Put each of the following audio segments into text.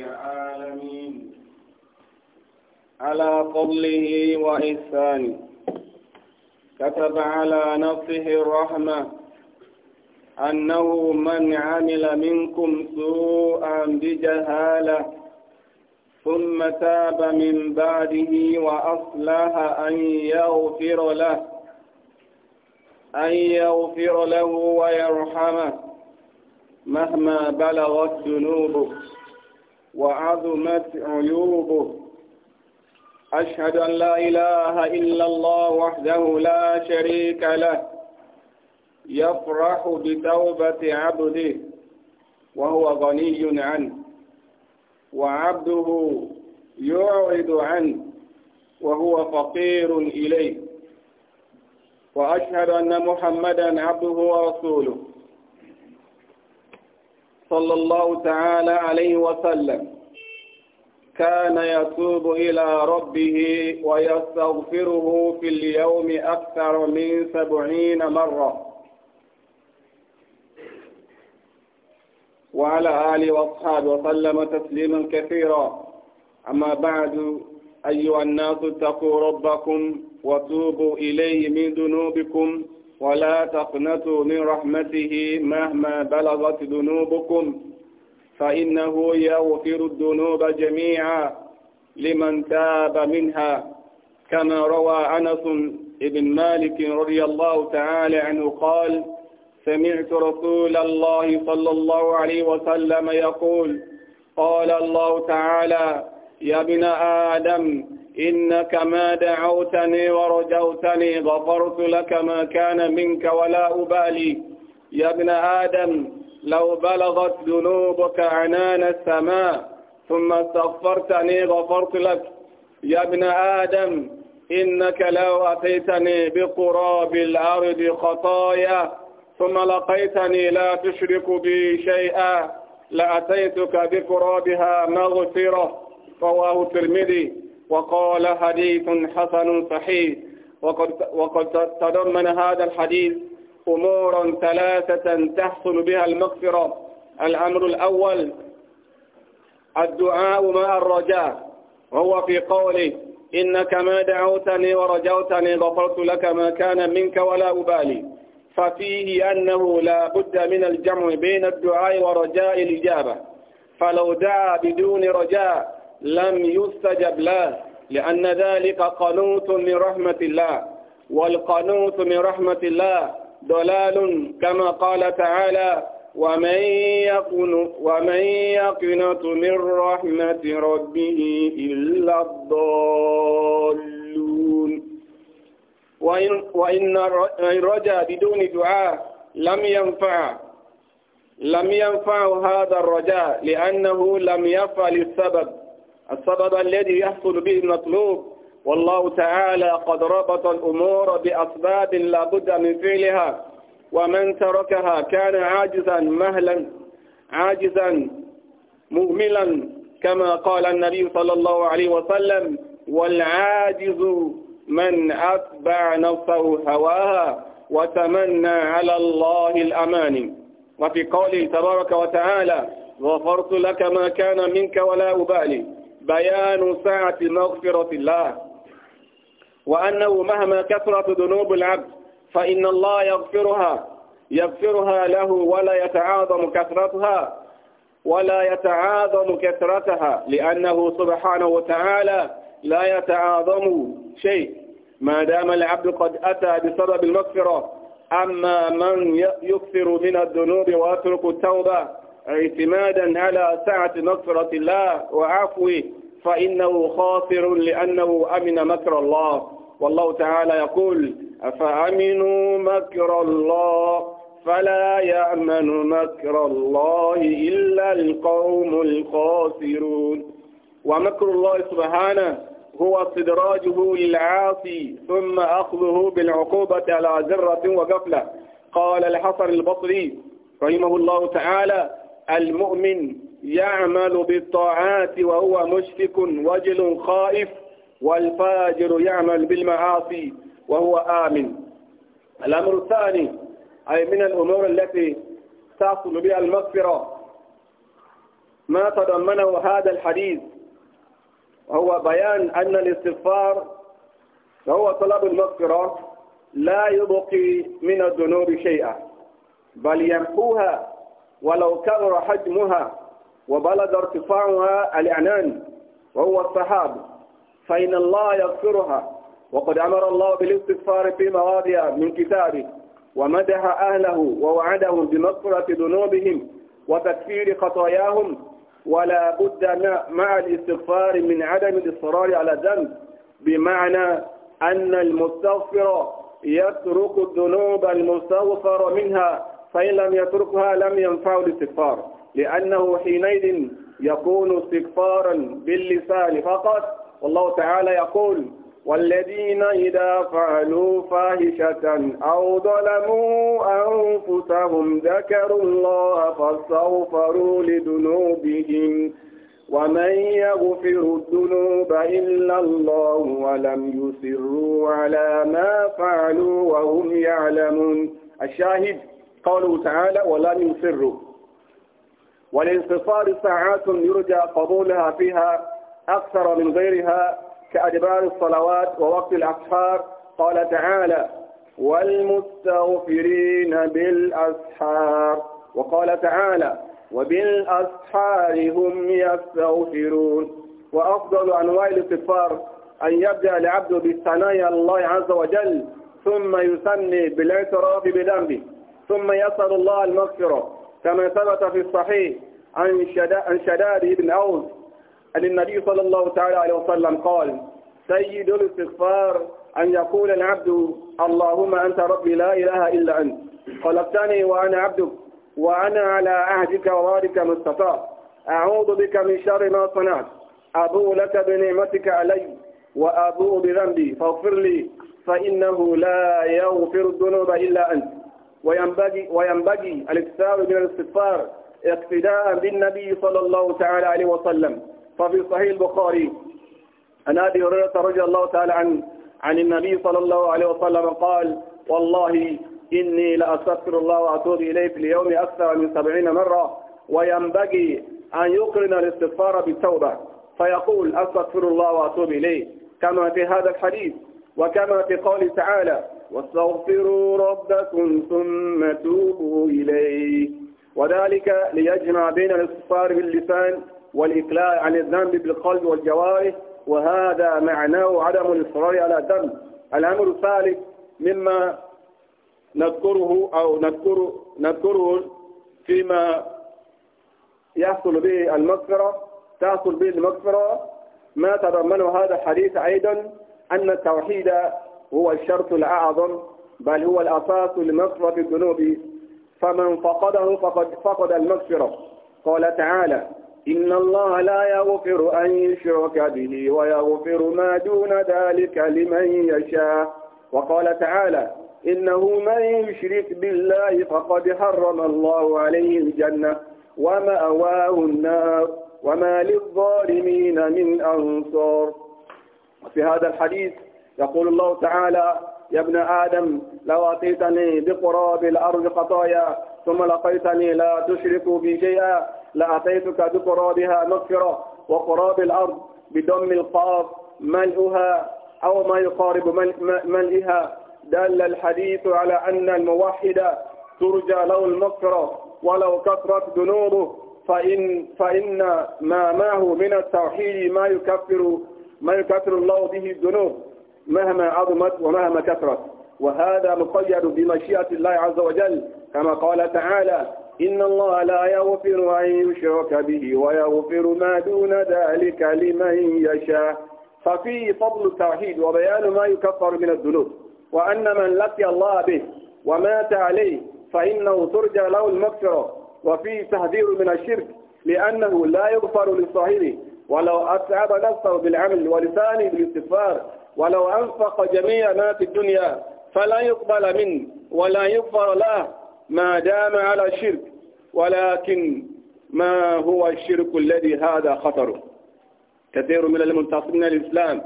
العالمين على فضله وإحسانه كتب على نفسه الرحمة أنه من عمل منكم سوءا بجهالة ثم تاب من بعده وأصلح أن يغفر له أن يغفر له ويرحمه مهما بلغت ذنوبه وعظمت عيوبه أشهد أن لا إله إلا الله وحده لا شريك له يفرح بتوبة عبده وهو غني عنه وعبده يعرض عنه وهو فقير إليه وأشهد أن محمدا عبده ورسوله صلى الله تعالى عليه وسلم كان يتوب إلى ربه ويستغفره في اليوم أكثر من سبعين مرة وعلى آله وأصحابه وسلم تسليما كثيرا أما بعد أيها الناس اتقوا ربكم وتوبوا إليه من ذنوبكم ولا تقنطوا من رحمته مهما بلغت ذنوبكم فإنه يغفر الذنوب جميعا لمن تاب منها كما روى أنس بن مالك رضي الله تعالى عنه قال سمعت رسول الله صلى الله عليه وسلم يقول قال الله تعالى يا ابن آدم إنك ما دعوتني ورجوتني غفرت لك ما كان منك ولا أبالي يا ابن آدم لو بلغت ذنوبك عنان السماء ثم استغفرتني غفرت لك يا ابن آدم إنك لو أتيتني بقراب الأرض خطايا ثم لقيتني لا تشرك بي شيئا لأتيتك بقرابها مغفرة رواه الترمذي وقال حديث حسن صحيح وقد, وقد تضمن هذا الحديث أمورا ثلاثة تحصل بها المغفرة الأمر الأول الدعاء مع الرجاء وهو في قوله إنك ما دعوتني ورجوتني غفرت لك ما كان منك ولا أبالي ففيه أنه لا بد من الجمع بين الدعاء ورجاء الإجابة فلو دعا بدون رجاء لم يستجب له لأن ذلك قنوط من رحمة الله والقنوط من رحمة الله ضلال كما قال تعالى ومن يقن ومن يقنط من رحمة ربه إلا الضالون وإن, وإن رجا بدون دعاء لم ينفع لم ينفع هذا الرجاء لأنه لم يفعل السبب السبب الذي يحصل به المطلوب والله تعالى قد ربط الأمور بأسباب لا بد من فعلها ومن تركها كان عاجزا مهلا عاجزا مهملا كما قال النبي صلى الله عليه وسلم والعاجز من أتبع نفسه هواها وتمنى على الله الأمان وفي قوله تبارك وتعالى غفرت لك ما كان منك ولا أبالي بيان سعة مغفرة الله وأنه مهما كثرت ذنوب العبد فإن الله يغفرها يغفرها له ولا يتعاظم كثرتها ولا يتعاظم كثرتها لأنه سبحانه وتعالى لا يتعاظم شيء ما دام العبد قد أتى بسبب المغفرة أما من يكثر من الذنوب ويترك التوبة اعتمادا على سعة نصرة الله وعفوه فإنه خاسر لأنه أمن مكر الله والله تعالى يقول أفأمنوا مكر الله فلا يأمن مكر الله إلا القوم الخاسرون ومكر الله سبحانه هو استدراجه للعاصي ثم أخذه بالعقوبة على ذرة وقفلة قال الحصر البصري رحمه الله تعالى المؤمن يعمل بالطاعات وهو مشفق وجل خائف والفاجر يعمل بالمعاصي وهو آمن الأمر الثاني أي من الأمور التي تحصل بها المغفرة ما تضمنه هذا الحديث وهو بيان أن الاستغفار وهو طلب المغفرة لا يبقي من الذنوب شيئا بل يمحوها ولو كبر حجمها وبلغ ارتفاعها الإعنان وهو السحاب فإن الله يغفرها وقد أمر الله بالاستغفار في مواضع من كتابه ومدح أهله ووعدهم بمغفرة ذنوبهم وتكفير خطاياهم ولا بد مع الاستغفار من عدم الإصرار على الذنب بمعنى أن المستغفر يترك الذنوب المستغفر منها فإن لم يتركها لم ينفع الاستغفار لأنه حينئذ يكون استغفارا باللسان فقط والله تعالى يقول والذين إذا فعلوا فاحشة أو ظلموا أنفسهم ذكروا الله فاستغفروا لذنوبهم ومن يغفر الذنوب إلا الله ولم يصروا على ما فعلوا وهم يعلمون الشاهد قوله تعالى ولا يصروا والانتصار ساعات يرجى قبولها فيها أكثر من غيرها كأدبار الصلوات ووقت الأسحار قال تعالى والمستغفرين بالأسحار وقال تعالى وبالأسحار هم يستغفرون وأفضل أنواع الاستغفار أن يبدأ العبد بالثناء الله عز وجل ثم يثني بالاعتراف بذنبه ثم يسأل الله المغفرة كما ثبت في الصحيح عن شداد بن أوس أن النبي صلى الله تعالى عليه وسلم قال سيد الاستغفار أن يقول العبد اللهم أنت ربي لا إله إلا أنت خلقتني وأنا عبدك وأنا على عهدك ووعدك ما استطعت أعوذ بك من شر ما صنعت أبوء لك بنعمتك علي وأبوء بذنبي فاغفر لي فإنه لا يغفر الذنوب إلا أنت وينبغي, وينبغي الاكثار من الاستغفار اقتداء بالنبي صلى الله تعالى عليه وسلم ففي صحيح البخاري عن أبي هريرة رضي الله تعالى عنه عن النبي صلى الله عليه وسلم قال والله إني لأستغفر الله وأتوب إليه في اليوم أكثر من سبعين مرة وينبغي أن يقرن الاستغفار بالتوبة فيقول أستغفر الله وأتوب إليه كما في هذا الحديث وكما في قوله تعالى واستغفروا ربكم ثم توبوا إليه وذلك ليجمع بين الاستغفار باللسان والإقلاع عن الذنب بالقلب والجوارح وهذا معناه عدم الإصرار على الذنب الأمر الثالث مما نذكره أو نذكر نذكره فيما يحصل به المغفرة تحصل به المغفرة ما تضمنه هذا الحديث أيضا أن التوحيد هو الشرط الأعظم بل هو الأساس في الذنوب فمن فقده فقد فقد المغفرة قال تعالى إن الله لا يغفر أن يشرك به ويغفر ما دون ذلك لمن يشاء وقال تعالى إنه من يشرك بالله فقد حرم الله عليه الجنة ومأواه النار وما للظالمين من أنصار في هذا الحديث يقول الله تعالى يا ابن آدم لو أتيتني بقراب الأرض خطايا ثم لقيتني لا تشرك بي شيئا لأتيتك بقرابها مغفرة وقراب الأرض بدم القاف ملئها أو ما يقارب ملئها دل الحديث على أن الموحد ترجى له المغفرة ولو كثرت ذنوبه فإن, فإن ما معه من التوحيد ما يكفر ما يكفر الله به الذنوب مهما عظمت ومهما كثرت وهذا مقيد بمشيئة الله عز وجل كما قال تعالى إن الله لا يغفر أن يشرك به ويغفر ما دون ذلك لمن يشاء ففيه فضل التوحيد وبيان ما يكفر من الذنوب وأن من لقي الله به ومات عليه فإنه ترجى له المغفرة وفيه تهذير من الشرك لأنه لا يغفر لصاحبه ولو أتعب نفسه بالعمل ولسانه بالاستغفار ولو أنفق جميع ما في الدنيا فلا يقبل منه ولا يغفر له ما دام على الشرك ولكن ما هو الشرك الذي هذا خطره كثير من المنتصبين للإسلام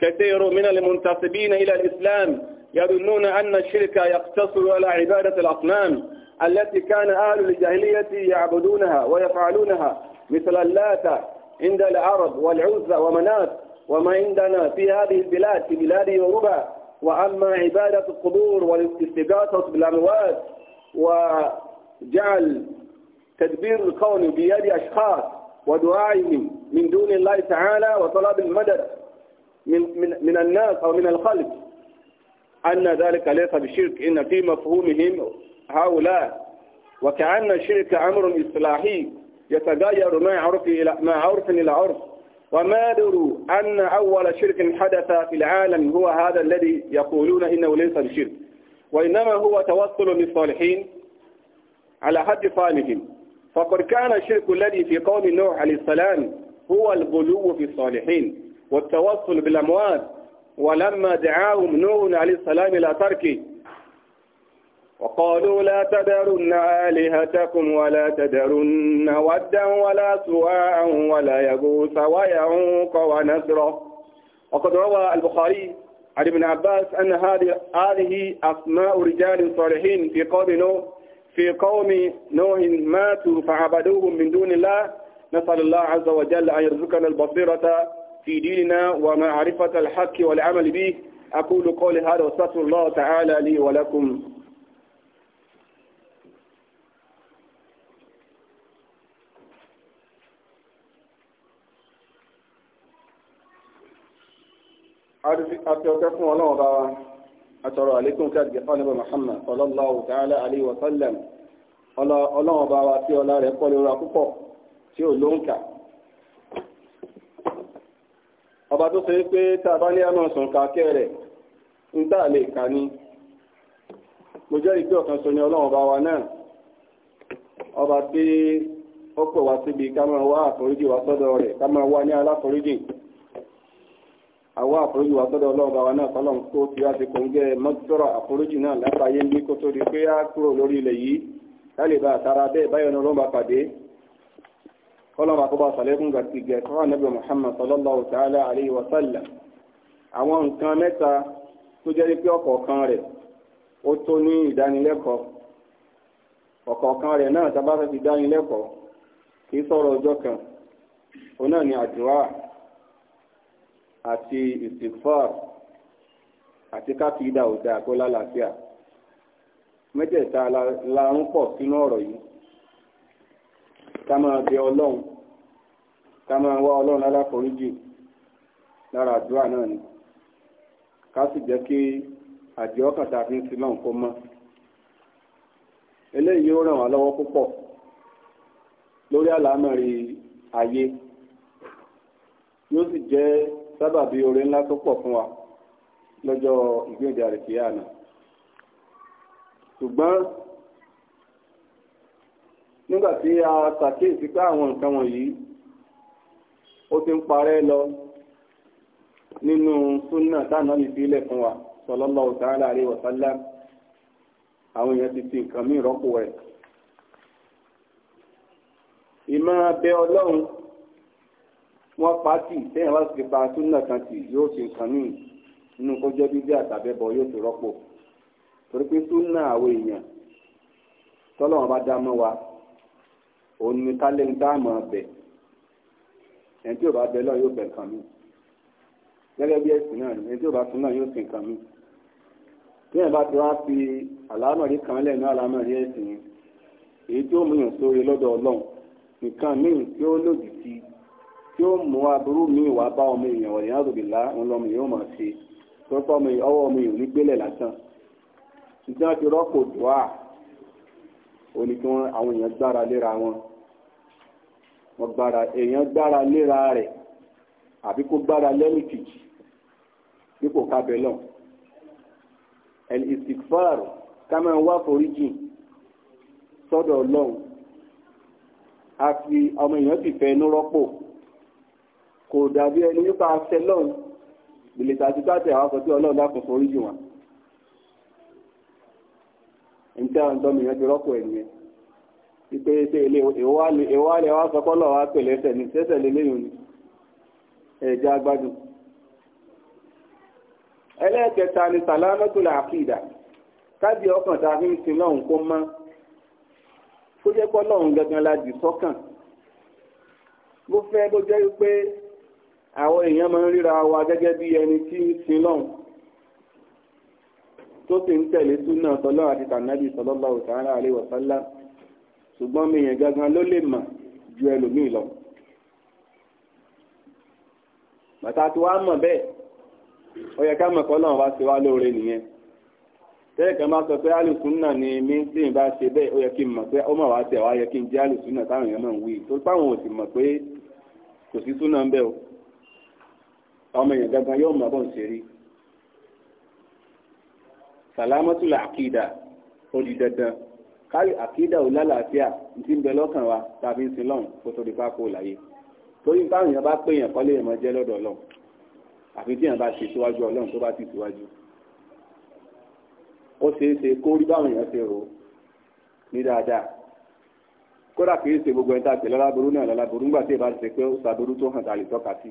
كثير من المنتصبين إلى الإسلام يظنون أن الشرك يقتصر على عبادة الأصنام التي كان أهل الجاهلية يعبدونها ويفعلونها مثل اللات عند العرب والعزى ومنات وما عندنا في هذه البلاد في بلاد يوروبا وأما عبادة القبور والاستغاثة بالأموات وجعل تدبير الكون بيد أشخاص ودعائهم من دون الله تعالى وطلب المدد من, من, من الناس أو من الخلق أن ذلك ليس بشرك إن في مفهومهم هؤلاء وكأن الشرك أمر إصلاحي يتغير ما عرف إلى ما عرف إلى عرف وما دروا أن أول شرك حدث في العالم هو هذا الذي يقولون إنه ليس بشرك وإنما هو توصل للصالحين على حد صالحهم فقد كان الشرك الذي في قوم نوح عليه السلام هو الغلو في الصالحين والتوصل بالأموات ولما دعاهم نوح عليه السلام إلى تركه وقالوا لا تذرن آلهتكم ولا تذرن ودا ولا سواعا ولا يغوث ويعوق ونسرا وقد روى البخاري عن ابن عباس أن هذه أسماء رجال صالحين في قوم نوح في قوم نوح ماتوا فعبدوهم من دون الله نسأل الله عز وجل أن يرزقنا البصيرة في ديننا ومعرفة الحق والعمل به أقول قولي هذا واستغفر الله تعالى لي ولكم àti ọpẹ́ fún Ọlọ́run bá wa àtọrọ àlékún káàdì gẹfà níbà Muhammad sallallahu ta'ala alayhi wa Ọlọ́run wa tí ọlá rẹ̀ pọ̀ púpọ̀ tí ló ń kà ọba tó ṣe pé kà ní mo jẹ́rìí pé ọ̀kan ni Ọlọ́run wa náà ọba tí ó pè wá àwa àforíjì wa sọ́dọ̀ ọlọ́run bá wa náà fọlọ́run kó tí a ti kòńgẹ́ mọ́tòrọ̀ àforíjì náà látàyé ní kó tó di pé á kúrò lórí ilẹ̀ yìí lálébà àtàrà bẹ́ẹ̀ báyọ̀ ní ọlọ́run bá pàdé kọ́lọ́run àkọ́bá sàlẹ́kùn gàtìgẹ̀ kọ́ra nàbẹ̀ Muhammad sallallahu ta'ala alayhi wa sallam àwọn nǹkan mẹ́ta tó jẹ́ pé ọ̀kọ̀ọ̀kan rẹ̀ ó tó ní ìdánilẹ́kọ̀ọ́ ọ̀kọ̀ọ̀kan rẹ̀ náà tá ni àdúrà àti istighfar àti káfíńdà òde àkọlá làáfíà mẹ́tẹ̀ẹ̀ta la ń pọ̀ sínú ọ̀rọ̀ yìí ká máa bẹ ọlọ́run ká máa wá ọlọ́run aláforíjì lára àdúrà náà ni ká sì jẹ́ kí àjẹ́ ọkàn a fi ń sin náà kó mọ́ eléyìí ó ràn wá lọ́wọ́ púpọ̀ lórí àlámọ̀rí ayé yóò sì jẹ́ sábàbí oore ńlá tó pọ̀ fún wa lọ́jọ́ ìgbéǹde àrèkèyà àná ṣùgbọ́n nígbà tí a ṣàkíyèsí pé àwọn nǹkan wọ̀nyí ó ti ń parẹ́ lọ nínú súnà táná ní ìfilẹ̀ fún wa sallallahu ta'ala alaihi wa sallam àwọn èèyàn ti fi nǹkan míì rọ́pò rẹ̀ ìmọ̀ abẹ ọlọ́run wọ́n pa tì sẹ́yìn wá sí pa súnà kan tì yóò ṣe nǹkan míì nínú kó jẹ́ bíbí àtàbẹ́bọ yóò ti rọ́pò torí pé súnà àwọn èèyàn tọ́lọ́wọ́n bá dá mọ́ wa òun ni kálẹ̀ ń dá àmọ́ ọbẹ̀ ẹni tí ò bá bẹ lọ́ọ̀ yóò bẹ̀ nǹkan míì gẹ́gẹ́ bí ẹ̀sìn náà ẹni tí ò bá sùn náà yóò sìn nǹkan míì tí ẹ̀ bá ti wá fi àlámọ̀rí kan lẹ̀ àlámọ̀rí ẹ̀sìn èyí tí ó mú yàn sórí lọ́dọ̀ ọlọ́run nǹkan míì tí ó lòdì sí tí ó mú aburú míì wá bá ọmọ èèyàn wọ̀nyí àdùbìlá ńlọmọ yóò máa ṣe tọ́pọ̀ ọwọ́ ọmọ èèyàn nígbélẹ̀ lásán ṣùgbọ́n ti rọ́pò dùá òní kí wọ́n àwọn èèyàn gbára léra wọn wọ́n gbára èèyàn gbára léra rẹ̀ àbí kó gbára lẹ́nu kìjì dípò kábẹ́ lọ ẹni ìsìkfàr ká máa wá foríjìn sọ́dọ̀ ọlọ́run a ọmọ èèyàn sì fẹ́ inú rọ́pò kò dàbí ẹni nípa aṣẹ lọ́hùn ìlètà àti bàtẹ àwọn akọ̀tí ọlọ́run lákùn forí jù wọn. níta ọ̀dọ́ mi yẹn ti rọ́pò ẹ̀ nìyẹn ipe ṣe ilé ìwálẹ̀ wa sọ kọ́lọ̀ wa pèlè ẹsẹ̀ ní sẹ́sẹ̀ lélẹ́yìn ni ẹ̀jẹ̀ agbádùn. ẹlẹ́ẹ̀kẹta ni sàlámẹ́tòlá àkìdá káàdì ọkàn tá a fi ń sin lọ́hùn kó mọ́ kó jẹ́ kọ́lọ́hùn gangan la dì sọ́kàn. mo fẹ́ bó jẹ́ pé àwọn èèyàn máa ń ríra wa gẹ́gẹ́ bí ẹni tí ń sin lọ́hùn tó sì ń tẹ̀lé súnà tọ́lọ́ àti tànàbì sallallahu ta'ala alaihi wa sallam ṣùgbọ́n mi yẹn gangan ló lè mà ju ẹlòmíì lọ. bàtà tí wàá mọ̀ bẹ́ẹ̀ ó yẹ ká mọ̀ kọ́ lọ́run wá sí wa lóore nìyẹn tẹ́ẹ̀kan bá sọ pé alùsùnà ni mí tí n bá ṣe bẹ́ẹ̀ ó yẹ kí n mọ̀ pé ó mọ̀ wá tẹ̀ wá yẹ kí n jẹ́ alùsùnà táwọn èèyàn máa ń wí tó táwọn ò sì mọ̀ pé kò sí súnà ń bẹ́ẹ̀ o ọmọ èèyàn gangan yóò mọ̀ bọ́n ṣe rí sàlámọ́tòlá àkìdá ó di dandan kárí àkìdá ò lálàáfíà ti ń bẹ lọ́kàn wa tàbí ń sin lọ́n kó tó di pákó láyé torí báwọn èèyàn bá pé èèyàn kọ́lé èèyàn jẹ́ lọ́dọ̀ ọlọ́run àfi tí èèyàn bá ṣe síwájú ọlọ́run tó bá ti síwájú ó ṣeé ṣe kó rí báwọn èèyàn ṣe rò ó ní dáadáa kódà kì í ṣe gbogbo ẹni tá a ṣe lọ́láboró náà lọ́láboró ńgbà tí ì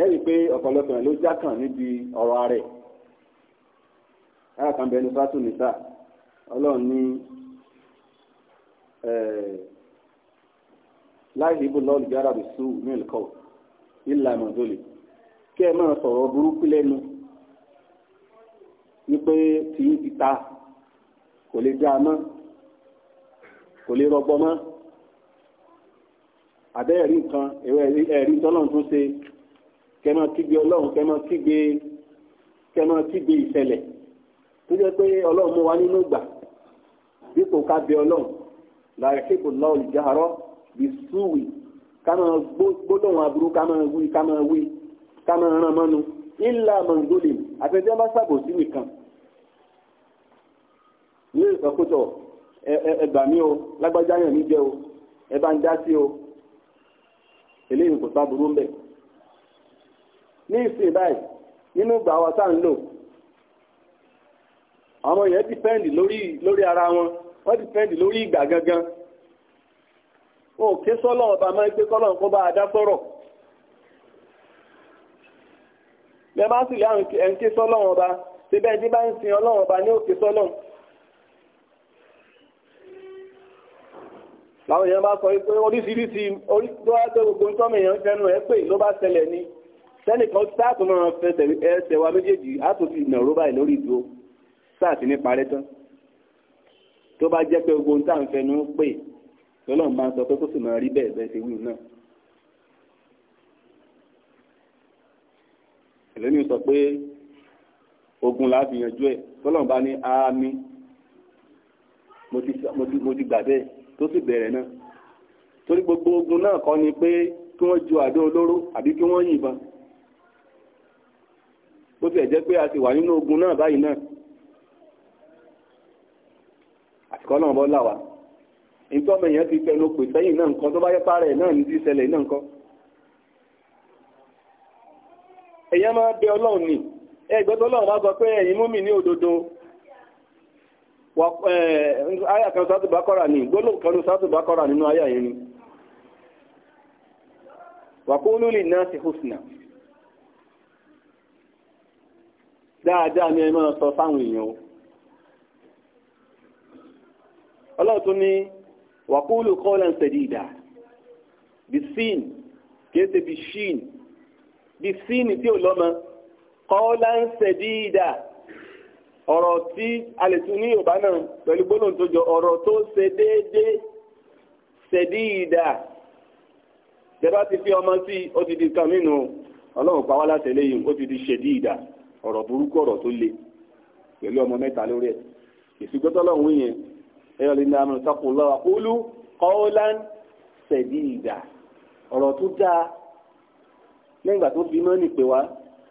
ẹ rí i pé ọ̀pọ̀lọpọ̀ ló já kàn níbi ọ̀rọ̀ ààrẹ ẹ̀ kàn bẹ́ẹ̀ ní sátú nìta ọlọ́run ní láì ìbò lọ́ọ̀lù jára rẹ̀ sùn ní ẹ̀kọ́ ìlà ìmọ̀dọ́lẹ̀ kí ẹ máa sọ̀rọ̀ burúkú lẹ́nu wípé tí ń ti ta kò lè dáa mọ́ kò lè rọgbọ mọ́ àbẹ́ ẹ̀rí nǹkan ẹ̀rí tọ́lọ́run tó ṣe kẹmọ kígbe ọlọ́run kẹmọ kígbe kẹmọ kígbe ìṣẹ̀lẹ̀ tó jẹ́ pé ọlọ́run mú wa nínú gbà dípò ká bẹ ọlọ́run làrẹ́kẹ́bù lọ́ọ̀ ìjárọ́ bí súwì ká máa gbólóhùn aburú ká máa wí ká máa wí ká máa ràn mọ́nu bá nìkan ní ẹgbà mi o lágbájá yàn mí jẹ o ẹ bá ní ìsìn báyìí nínú ìgbà wa tá lò yẹn lórí ara wọn wọ́n dìpẹ́ǹdì lórí ìgbà gangan o ké sọ́lọ́ ọba máa ń gbé kọ́lọ́ bá a dá ọba síbẹ̀ ẹni bá ń sin ọlọ́run ọba ní òkè sọ́lọ́ làwọn èèyàn bá sọ pé sẹ́nìkan sáàtù náà fẹsẹ̀ ẹsẹ̀ wa méjèèjì àtúntì ìnàró báyìí lórí ìdúró sáàtì ní parẹ́ tán tó bá jẹ́ pé ogun tá à ń fẹnu pè lọ́lọ́run bá ń sọ pé kó sì máa rí bẹ́ẹ̀ bẹ́ẹ̀ ṣe wíwù náà. ìlẹ́nu sọ pé ogun là á fi yanjú ẹ̀ lọ́lọ́run bá ní àmì mo ti gbà bẹ́ẹ̀ tó sì bẹ̀rẹ̀ náà torí gbogbo ogun náà kọ́ ni pé kí wọ́n ju àdó olóró àbí kí wọ́n yìnbọn bó e je pé a ti wà nínú ogun náà báyìí náà àtikọ́ náà bọ́ là wá ìtọ́mọ èèyàn ti fẹnu pè sẹ́yìn náà nǹkan tó bá yẹ pààrọ̀ ẹ̀ náà ní ti ṣẹlẹ̀ náà nǹkan. èèyàn máa bẹ ọlọ́run ni ẹgbẹ́ tó lọ́run bá sọ pé ẹ̀yin mú mi ní òdodo àyà kan sátù bá kọ́ra ní gbólóhùn kan sátù bá kọ́ra nínú àyà yẹn ni wàkúnú lè náà ti hùsùnà dáadáa ni ẹ máa sọ fáwọn èèyàn o ọlọ́run tún ní wàkúlù kọ́ọ̀lá ń sẹ̀dí ìdá bí sin kìí ṣe bí shin bí sin tí ò lọ́mọ kọ́ọ̀lá ń sẹ̀dí ìdá ọ̀rọ̀ tí a lè tún ní yorùbá náà pẹ̀lú gbólóhùn tó jọ ọ̀rọ̀ tó ṣe déédéé sẹ̀dí ìdá ti fi ọmọ sí ó ti di kan nínú ọlọ́run pa wá láti eléyìí ó ti di ṣèdí ọ̀rọ̀ burúkú ọ̀rọ̀ tó le pẹ̀lú ọmọ mẹ́ta lórí ẹ̀ ìsìgbọ́tọ́ lọ́hùn yẹn ẹ̀rọ lè ní amúnú takò lọ́wọ́ kúlú kọ́ọ́lán sẹ̀dí ìdá ọ̀rọ̀ tó dáa lẹ́yìn ìgbà tó fi mọ́ ní pè wá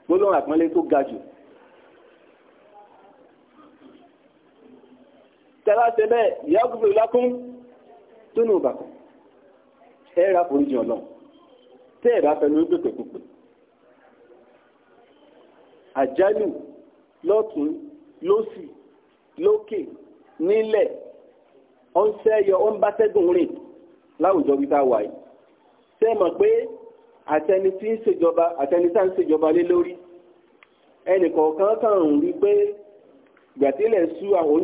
gbólóhùn àpọ́nlé tó ga jù. tẹ́lá ṣe bẹ́ẹ̀ ìyá gbogbo ìlákún tó nù bàkàn ẹ̀ rà ọ̀nà tẹ́ ẹ̀ bá fẹnu àjálù lọ́tún lósì lókè nílẹ̀ ó ń sẹ́yọ ó ń bá tẹ́gùn rìn láwùjọ bí tá a wà yìí ṣé mọ̀ pé àtẹni tí ń ṣèjọba àtẹni tá ń ṣèjọba lé lórí ẹnìkọ̀ọ̀kan kàn ń rí pé gbàtílẹ̀ sú àwọn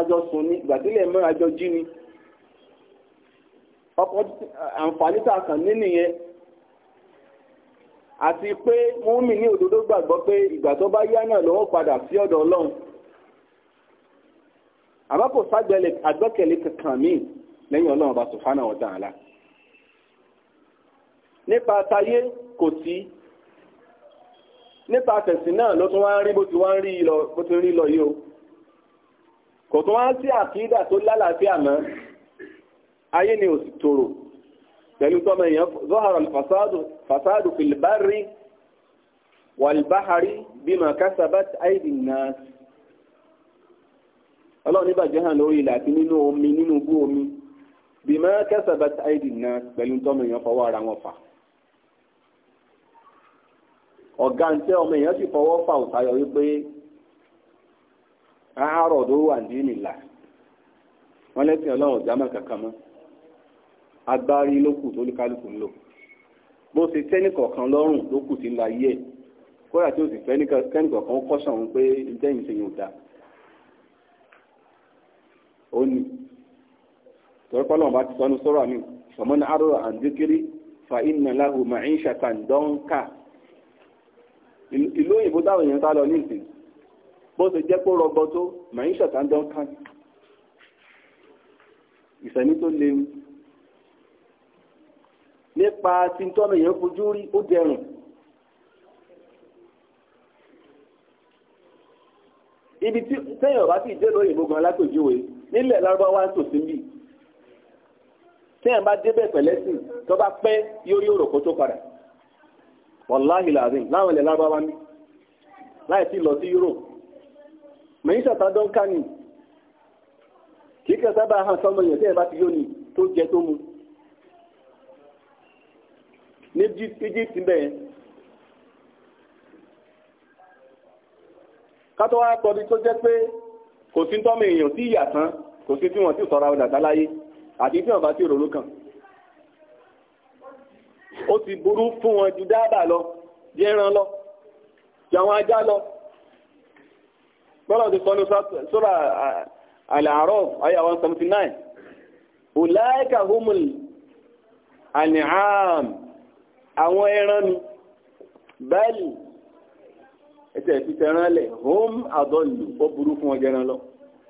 àjọ sùn ni gbàtílẹ̀ mọ́ àjọ jí ni ọ̀pọ̀ àǹfààní tá a kàn ní nìyẹn àti pé múmi ní òdodo gbàgbọ́ pé ìgbà tó bá yá náà lọ́wọ́ padà sí ọ̀dọ̀ ọlọ́run àmọ́ kò ságbẹ́lẹ̀ àgbẹ́kẹ̀lé kankan míì lẹ́yìn ọlọ́run ọba subhanahu wa ta'ala nípa tayé kò sí nípa tẹ̀sìn náà ló tún wá ń rí bó ti wá ń rí lọ bó ti rí lọ yìí o kò tún wá sí àkídà tó lálàáfíà mọ́ ayé ni ò sì tòrò pẹ̀lú tọ́mọ èèyàn zọ́hàrà fasádù fìlbárì wàlbáhárì bímọ kásábàt àìdì náà ọlọ́run ní bàjẹ́ hàn lórí ilẹ̀ àti nínú omi nínú bú omi bímọ kásábàt àìdì náà pẹ̀lú tọ́mọ èèyàn fọwọ́ ara wọn fà ọ̀gá ń tẹ́ ọmọ èèyàn sì fọwọ́ fà òtayọ wípé àárọ̀ tó wà ní ìlà wọn lẹ́sìn ọlọ́run ò jámọ̀ kankan mọ́ agbárí ló kù tó ní kálukú ń lò bó ṣe tẹ́nìkọ̀ọ̀kan lọ́rùn ló kù tí ń la yí ẹ̀ kódà tí ó sì fẹ́ kẹ́nìkọ̀ọ̀kan ó kọ́ṣàn òun pé ìtẹ́yìn ṣe yóò dá ó ní torí pé ọlọ́run bá ti sọnù sọ́rọ̀ mi ọmọnà àrò àǹdíkiri fa iná láhùn mà ń ṣàtàndọ́ǹkà ìlú òyìnbó táwọn èèyàn sá lọ ní ìsìn bó ṣe jẹ́ pé rọgbọ tó mà ń ṣàtàndọ́ǹkà ìsẹ̀mí tó léwu nípa tí ń tọ́mọ èèyàn fojú rí ó dẹrùn. ibi tí sẹ́yìn sì nílẹ̀ ń bá débẹ̀ pẹ̀lẹ́sìn tó bá pẹ́ yóò yóò rò tó padà wàláhì láwọn ilẹ̀ sí lọ sí Europe mẹ́yìn sàtàdán kánì kẹsàbà hàn sọmọ bá ti yóò ní ní egypt bẹ́ẹ̀ kátó wá gbọ́dí tó jẹ́ pé kò sí tọ́mọ èèyàn tí ìyà tán kò sí tí wọ́n ti sọ̀rọ̀ àwòdà láyé àti tí wọ́n bá ti ròrò kàn ó ti burú fún wọn ju dábàá lọ jẹran lọ jàwọn ajá lọ gbọ́dọ̀ ti sọ ní sọ́ra àlàárọ̀ àyà one seventy nine ulaika humul an'am àwọn ẹran ni báyìí ẹsẹ̀ ìfisẹ̀ ẹran lẹ̀ hom adọ́lù ó burú fún ọjọ́ ẹran lọ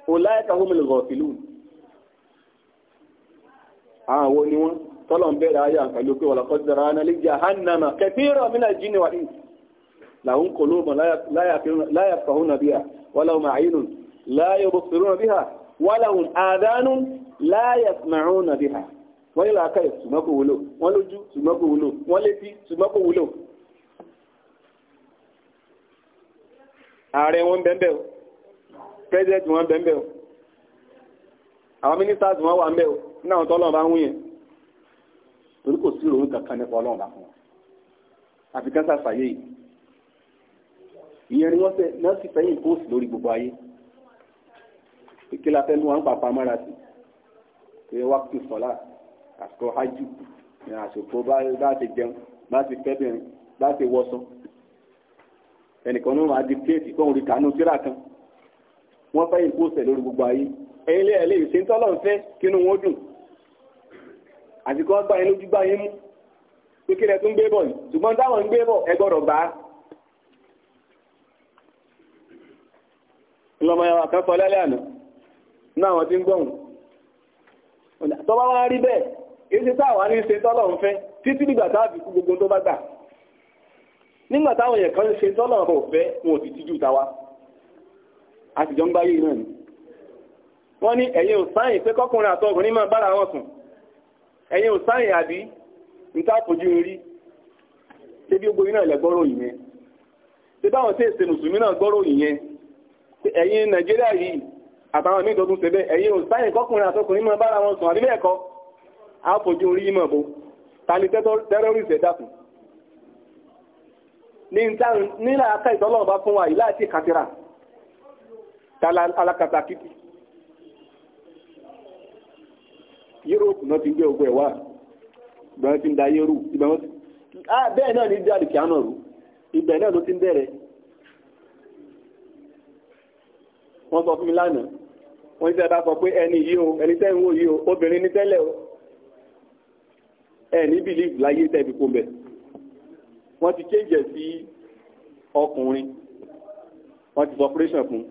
kò láìka hom lè gọ̀ fìlú àwọn wo ni wọ́n tọ́lọ̀ ń bẹ̀rẹ̀ ayé àkàlù pé wàlá kọ́sìdára ana lè jẹ́ hannama kẹfìrọ̀ mí náà làwọn kò lóòmọ̀ láyà fàhún nàbí wọ́n ní làákàyè ṣùgbọ́n kò wúlò wọ́n lójú ṣùgbọ́n kò wúlò wọ́n létí ṣùgbọ́n kò wúlò. ààrẹ wọn bẹ́ẹ̀ o president wọn bẹ́ẹ̀ o àwọn ministers wọn wà bẹ́ẹ̀ o ní àwọn tọ́lọ́ bá ń wúyẹn torí kò sí ìròyìn kankan nípa ọlọ́run bá fún wọn àfi kánsá ṣàyè yìí ìyẹn ni wọ́n fẹ́ náà sì fẹ́yìn post lórí gbogbo ayé ìkílà fẹ́ mú wọn pàpà mọ́ra sí ìwé wákìtì sọ́lá àsìkò hajj ní àsìkò bá ti jẹun bá ti kẹ́bìnrin bá ti wọṣọ ẹnìkan ló máa dictate kóhun rí kánú síra kan wọ́n fẹ́ ìpòsẹ̀ lórí gbogbo ayé ẹ̀yin lé ẹ̀lẹ́ ìṣe ń tọ́lọ̀ ń fẹ́ kínú wọn dùn àsìkò ọgbà yín lójú gbà yín mú pé kí lẹ tún gbé bọ̀ yìí ṣùgbọ́n táwọn ń gbé bọ̀ ẹ gbọ́dọ̀ bá a. ńlọmọ lálẹ́ àná ní àwọn tí ń tọ́ba rí bẹ́ẹ̀ èsì táwa ní ṣe tọ́lọ́run fẹ́ títí nígbà táàbì kú gbogbo tó bá gbà nígbà táwọn èèyàn kan ṣe tọ́lọ́run bọ̀ fẹ́ wọn ò sì tijú a sì jọ ń gbáyé náà ni wọ́n ní ẹ̀yin ò sáyìn pé kọ́kùnrin máa bára wọn sùn ò sáyìn àbí rí bí gbọ́rọ̀ báwọn tí èsè mùsùlùmí náà gbọ́rọ̀ Nàìjíríà yìí àtàwọn míì á fojú rí ìmọ̀ ta ni tẹ́rọ́rìsì ẹ̀dá ní aká ìtọ́lọ́wọ́ wa láti kàtìrà tala alakatakiti náà ti gbé ogun ẹ̀ wá ti ń da yẹ́rù bẹ́ẹ̀ náà ní jáde kìánà rú ibẹ̀ náà ló ti ń bẹ̀rẹ̀ sọ fún mi lánàá wọ́n ti sọ pé ẹni yìí o ẹni tẹ́ ń wò yìí o obìnrin ní tẹ́lẹ̀ o ẹ ní believe láyé tẹ́bi kó bẹ̀ wọ́n ti change ẹ̀ sí ọkùnrin wọ́n ti operation fún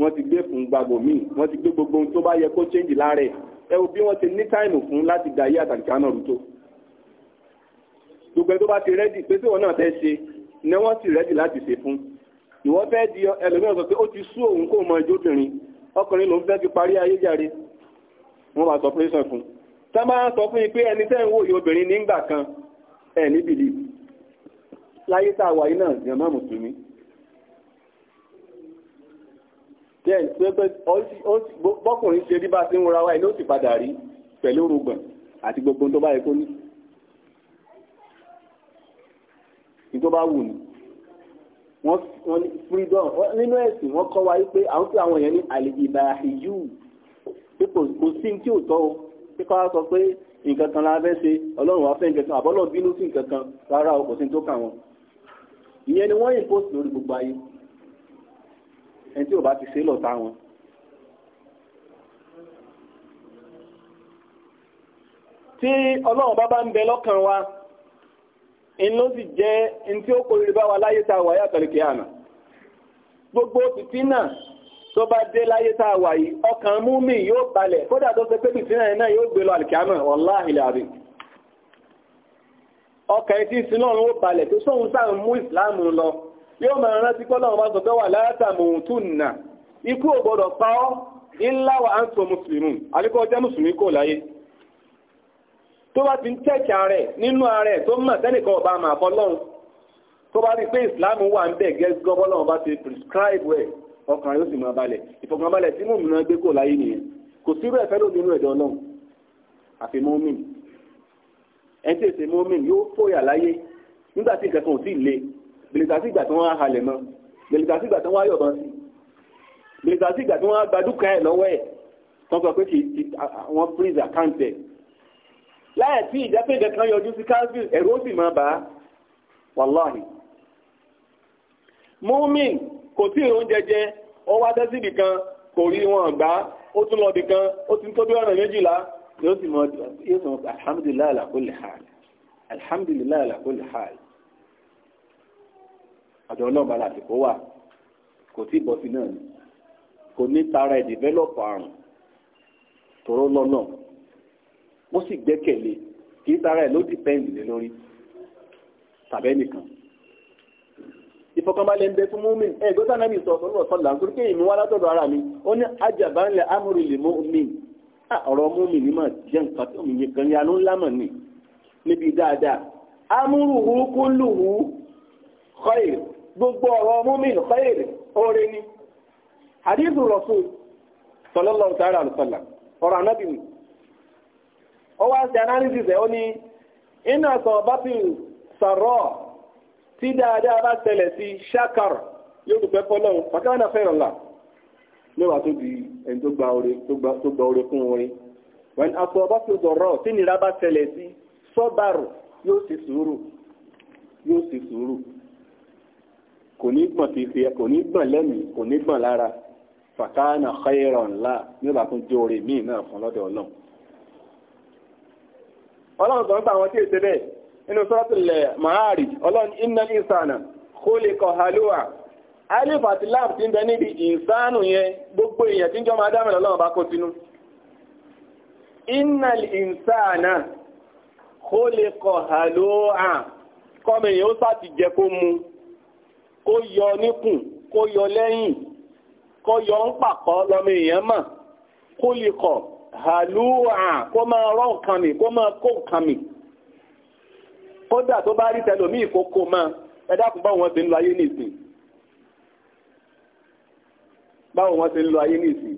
wọ́n ti gbé fún gbàgbó míì wọ́n ti gbé gbogbo ohun tó bá yẹ kó change lára ẹ̀ ẹ wo bí wọ́n ti ní táìmù fún láti dà yí àtàlìkà náà rú tó gbogbo ẹ tó bá ti rẹ́dì pé tí wọ́n náà fẹ́ ṣe ni wọ́n ti rẹ́dì láti ṣe fún ìwọ fẹ́ di ẹlòmíràn sọ pé ó ti sú òun kó mọ ẹjọ́ obìnrin ọkùnrin lòún fẹ́ fi parí ayé jàre wọ́n bá sọ pé sàn fún un tá máa sọ fún yín pé ẹni tẹ́ ń wòye obìnrin nígbà kan ẹ̀ níbi lì láyé tá a wà yìí náà yàn má mùsùlùmí. díẹ̀ pé bọ́kùnrin ṣe bí bá ti ń wọra wáyé ló sì padà rí pẹ̀lú orúgbọ̀n àti gbogbo tó bá yẹ kó ní. ní tó bá wù ní wọ́n ní freedom nínú ẹ̀sìn wọ́n kọ́ wa wípé àwọn tí àwọn èèyàn ní àlè ìbára ìyú pé kò sí tí ò tọ́ o tí kọ́ sọ pé nǹkan kan la fẹ́ ṣe ọlọ́run wá fẹ́ nǹkan kan àbọ́lọ̀ bínú sí nǹkan rárá o sí tó kà wọ́n ìyẹn ni wọ́n impose lórí gbogbo ayé ẹni tí ò bá ti ṣe lọ́ta wọn. tí ọlọ́run bá bá ń bẹ lọ́kàn wa in ló sì jẹ́ in tí ó kórìíra bá wa láyé tá a wà yàtọ̀ tó bá dé láyé wà yìí ọkàn mi yóò balẹ̀ kódà tó ṣe pé bìtínà ẹ̀ náà yóò gbé lọ àlìkàmà ọkàn etí ọ̀run ó balẹ̀ tó sóhun sáà mú ìsìláàmù lọ yóò máa rántí pé ọlọ́run bá sọ wà pa ọ́ ńlá wa á ń sọ mùsùlùmù ọjọ́ mùsùlùmí kò láyé tó bá ti ń tẹ̀kì ààrẹ nínú ààrẹ tó mọ̀ sẹ́nìkan àmà àfọlọ́run tó bá rí pé ìsìláàmù wà ń ọkàn yóò sì máa balẹ̀ ìfọkànbalẹ̀ tí mòmìnira gbé kò láyé nìyẹn kò sí bẹ́ẹ̀ fẹ́ẹ́ lómi inú ẹ̀dọ́ náà àfi mọ́mìn ẹ̀ tí èsè mọ́mìn yóò fòyà láyé nígbà tí nǹkan kan ò tí ì le bèlìkà sí ìgbà tí wọ́n á halẹ̀ mọ́ bèlìkà sí ìgbà tí wọ́n á yọ̀bọ̀n sí bèlìkà sí ìgbà tí wọ́n á gba dúkìá ẹ̀ lọ́wọ́ ẹ̀ wọ́n sọ pé kì í wọ́n freeze account ẹ̀ láyẹ̀ tí ìjápẹ̀jẹ̀ kan yọjú sí kánsìl ẹ̀rọ ó sì máa bá wàláhì mọ́mìn kò tí ì oúnjẹ jẹ ó wá tẹ́ síbì kan kò rí wọn gbá ó tún lọ bì kan ó ti ń tó bí ọ̀nà méjìlá yóò sì mọ yóò sì mọ alhamdulilayi ala kulli hal alhamdulilayi ala kulli hal àjọ ọlọ́ọ̀bá láti kó wà kò tí ì bọ́ sí náà ni kò ní tara ẹ̀ dìvẹ́lọ́pù àrùn tòró lọ́nà wọ́n sì gbẹ́kẹ̀lé kì í tara ẹ̀ ló dìpẹ́ǹdì lé lórí tàbẹ́nìkan ìfọkànbalẹ̀ ń bẹ fún mọ́mìn ẹ̀ gbọ́dọ̀ náà mi sọ ọ̀sọ́lọ̀ sọ́là nítorí pé ìmú wa látọ̀dọ̀ ara mi ó ní ajàbá ńlẹ̀ amúrí lè mọ́mìn ọ̀rọ̀ mọ́mìn ni mà jẹ́ nǹkan tó mi yẹn gan-an ló ń lámọ̀ ni níbi dáadáa amúrùhù kúlùhù khair gbogbo ọ̀rọ̀ mọ́mìn khair ni hadithu rasul sallallahu ta'ala alaihi wasallam ọ̀rọ̀ anábì mi ọwọ́ àti analysis ẹ̀ ó ní iná sọ̀ bá fi sàrọ̀ tí dáadáa bá tẹlẹ̀ sí ṣákàr yóò dùpẹ́ fọlọ́run pàkánà fẹ́ràn là mẹ́wàá tó di ẹni tó gba oore tó gba oore fún orin wọn aṣọ ọba tó dọ̀rọ̀ tí nira bá tẹlẹ̀ sí sọ́bàrù yóò sì sùúrù yóò sì sùúrù kò ní gbọ̀n fífi kò ní gbọ̀n lẹ́mìí kò ní gbọ̀n lára fàkánà khairan la yóò bá tún jẹ́ oore míì náà fún lọ́dọ̀ ọlọ́run ọlọ́run tó ń pa àwọn tí èsè bẹ́ẹ̀ inú sọ́tìlẹ̀ mahari ọlọ́run iná ìsànà khuliqa halua alif àti lam ti ń bẹ níbi ìsánù yẹn gbogbo èèyàn tí ń jọ máa dámọ̀ lọ́wọ́ bá kó sínú iná ìsànà khuliqa halua kọ́mọ ó sáti jẹ kó mu kó yọ níkùn kó yọ lẹ́yìn kó yọ ń pàkọ́ lọ́mọ èèyàn mọ̀ khuliqa halua kó máa rọ́ nǹkan mi kó máa kó nǹkan mi. kódà tó bá rí tẹlomi ìkókó mọ́ ẹ dákun báwo ti ń lọ ayé nìsín báwo wọ́n ti ń lọ ayé nìsín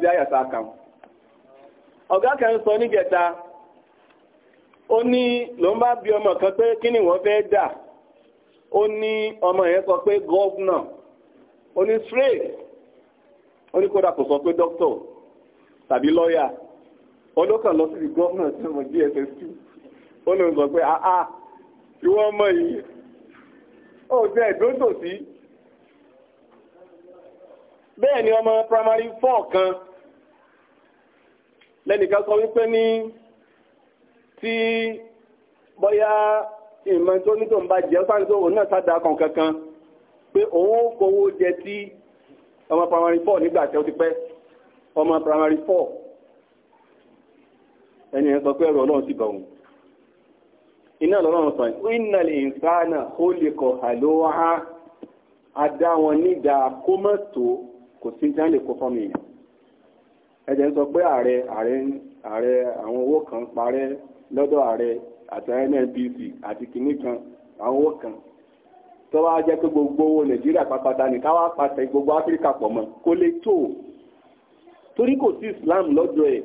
sí àyàtà kan kan sọ níjẹta ó ní ló ń bá bí ọmọ kan pé kí ni wọ́n fẹ́ dà ó ní ọmọ yẹn sọ pé gọ́ọ̀nà ó ní straight ó ní kódà kò sọ pé dókítọ̀ tàbí lọ́ọ̀yà olókàn lọ sí gọ́ọ̀nà tí wọ́n ó sọ pé ah, ah. ìwọ ọmọ yìí ó jẹ́ ìdóńtòsí bẹ́ẹ̀ ni ọmọ primary four kan lẹ́nìkan sọ wípé ní tí bóyá ìmọ̀ tó ní tó ń bá jẹ́ sáńtó òun náà sáda kan kankan pé òun ó kówó jẹ tí ọmọ primary four nígbà tí ó ti pẹ́ ọmọ primary four ẹni ẹ̀ sọ pé ẹ̀rọ ọlọ́run ti bá òun iná lọ́rọ̀ sọ yìí iná lè ń sáànà ó lè kọ àlówá adá wọn nídà kó mọ̀ tó kò sí já lè kó fọ́mù èèyàn ẹ̀jẹ̀ ń sọ pé ààrẹ ààrẹ ààrẹ àwọn owó kan parẹ́ lọ́dọ̀ ààrẹ àti NNPC àti kìnnì kan àwọn owó kan tó wá jẹ́ pé gbogbo owó Nàìjíríà pápátá ní káwá pàṣẹ gbogbo Áfíríkà pọ̀ mọ́ kó lè tó torí kò sí Islam lọ́dọ̀ ẹ̀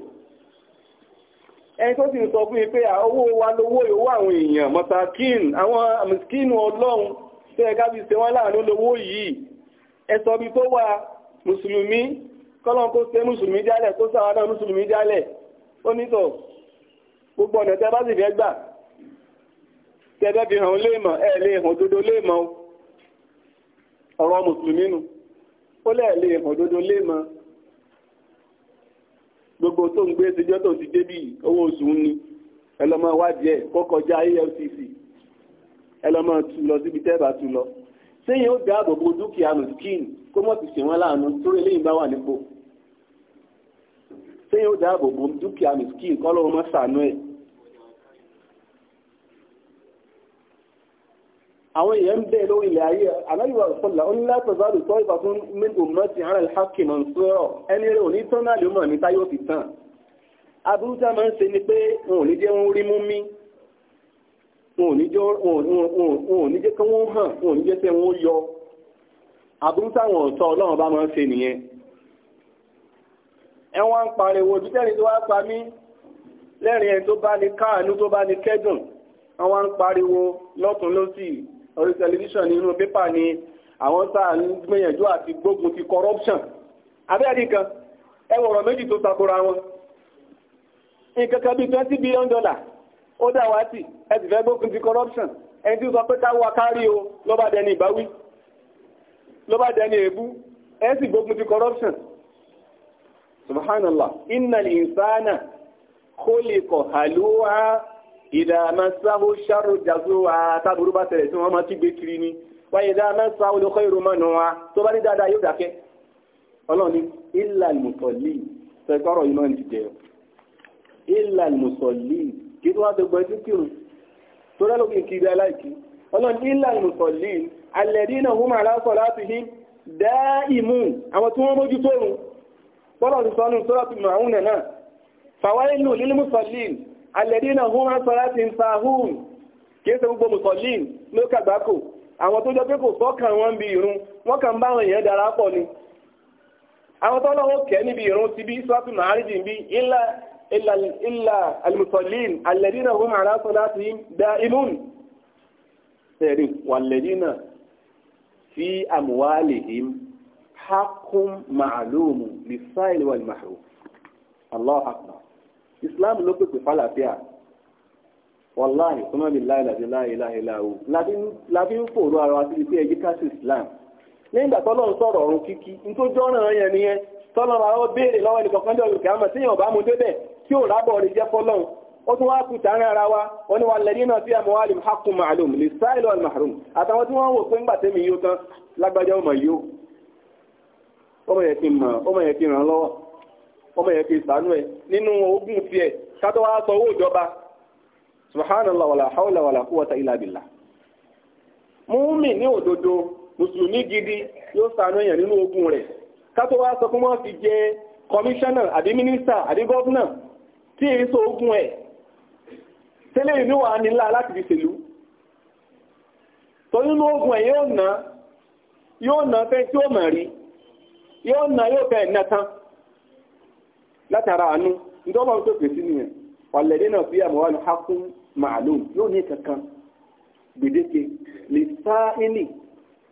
ẹni tó sì ń sọ fún ipé owó wa lówó ìwó àwọn èèyàn mọ̀tàkín àwọn àmìskínú ọlọ́run tó ẹ̀ká bí ṣe wọ́n láàánú lówó yìí ẹ̀sọ́ bí tó wà mùsùlùmí kọ́lọ́n kó ṣe mùsùlùmí jálẹ̀ kó sáwọn náà mùsùlùmí jálẹ̀ ó nítọ̀ gbogbo ọ̀nà tẹ́ bá sì fẹ́ gbà tẹ́bẹ́ fi hàn léèmọ̀ ẹ̀ lè hàn òdodo léèmọ̀ ọ̀rọ̀ mùsùlùmí nu ó lẹ̀ lè hàn gbogbo tó ń gbé ṣèjọ́ tó ti débì owó oṣù ń ni ẹlọmọ wádìí ẹ kó kọjá AFCC ẹlọmọ tù lọ síbi tẹ́ bá tù lọ sẹ́yìn ó dáàbò bo dúkìá miskin kó mọ̀ ti ṣèwọ́n láàánú torí eléyìí bá wà nípò sẹ́yìn ó dáàbò bo dúkìá miskin kọ́ lọ́wọ́ mọ́ sànú ẹ̀ àwọn èèyàn ń bẹ́ẹ̀ lórí ilẹ̀ ayé anáyíwá ìfọ́lá ó ní láti ọ̀zádù tọ́ ìfà fún mẹ́tò mọ́tì ara ìhákì mọ̀ sọ́rọ̀ ẹni rẹ̀ òní tán náà ló mọ̀ ní táyọ̀ fi tàn aburú tá máa ń ṣe ni pé wọn ò ní jẹ́ wọn rí mú mí wọn ò ní jẹ́ kí wọ́n hàn wọn ò ní jẹ́ sẹ́ wọn yọ aburú táwọn ọ̀tọ́ ọlọ́run bá máa ń ṣe nìyẹn ẹ wọ́n ń pariwo dúdẹ́rin tó wá pa mí lẹ́rìn ẹni tó bá ní káàánú tó bá ní kẹ́dùn wọ́n ń pariwo lọ́tún lọ́sì orí tẹlifíṣàn nínú pépà ni àwọn sáà ń gbìyànjú àti gbógun ti corruption abẹ́ẹ̀rí kan ẹ wọ̀rọ̀ méjì tó takora wọn nǹkan kan bíi twenty billion dollar ó dà wá sí ẹ fẹ́ gbógun ti corruption ẹni tí ó sọ pé káwọ́ akárí o ló bá dẹni ìbáwí ló bá dẹni èébú ẹ gbógun ti corruption subhanallah Inna innal insana khuliqa halu'a ìdá masáhó ṣàrò jàzó wa tábúrú bá tẹ̀lẹ̀ tí wọ́n máa ti gbé kiri ni wá ìdá masáhó lókọ́ ìrò máa nà wa tó bá ní dáadáa yóò dákẹ́ ọlọ́run ní ilà mùsọ̀lì sẹ́kọ̀rọ̀ yìí máa ń dìde ọ́ ilà mùsọ̀lì kí tó wá ti gbọ́ ẹtí kírun tó rẹ́ lókè kiri aláìkí ọlọ́run ilà mùsọ̀lì alẹ́dí náà hùmà aláṣọ láti hí dá ìmú àwọn tí wọ́n mójú tóorun alẹ́dínà húnmá sọ́lá ti ń sa hùn kí é ṣe gbogbo mùsọ̀lín ló kàgbákò àwọn tó jọ pé kò sọ́kàn wọn bí irun wọ́n kàn bá àwọn èèyàn darapọ̀ ni àwọn tó lọ́wọ́ kẹ́ níbi irun ti bí sọ́tù màárìjì bí ilà ilà alùsọ̀lín alẹ́dínà húnmá ará sọ́lá ti da imún sẹ́rí wàlẹ́dínà fi àmúwálìhìm hákùn màálùmù lè sáìlì wàlùmáhù Allah akbar islam ló pèpè fàlàfíà wàláhì sọmọbi láìláì láìláì láìláìwò láfi ń fòrò ara wa síbi ẹjí ká sí islam nígbà tọ́lọ́ ń sọ̀rọ̀ ọ̀run kíkí nítorí ọ̀ràn yẹn nìyẹn tọ́lọ́ máa wọ́n béèrè lọ́wọ́ ẹnì kọ̀ọ̀kan dọ̀rùn kí a mọ̀ síyàn ọ̀bá mu débẹ̀ tí ò rábọ̀ rẹ̀ jẹ́ fọ́lọ́run ó tún wá kùtà ń ara wa wọn ni wà lẹ́yìn náà sí àmọ́ alim hakun ma'alum ọmọ yẹn fi ìsànú ẹ nínú ogún tiẹ̀ kátó wá sọ owó ìjọba subhanallah wàlà hawla wàlà quwwata illa billah múmi ní òdodo mùsùlùmí gidi yóò sànú èèyàn nínú ogún rẹ̀ kátó wá sọ fún wọn fi jẹ kọmíṣánná àbí mínísítà àbí gọ́vnà tí èyí sọ ogún ẹ̀ tẹ́lẹ̀ ìlú wa nílá láti fi ṣèlú tó nínú ogún ẹ̀ yóò ná yóò ná fẹ́ tí ó mọ̀ rí yóò ná yóò fẹ́ ẹ̀ nẹ́tán látara àánú ntọ́ba ń pèpè sí nìyẹn ọ̀lẹ́dẹ́ náà bí àmọ́ wàlú hakun màálùm yóò ní kankan gbèdéke lè sá ẹni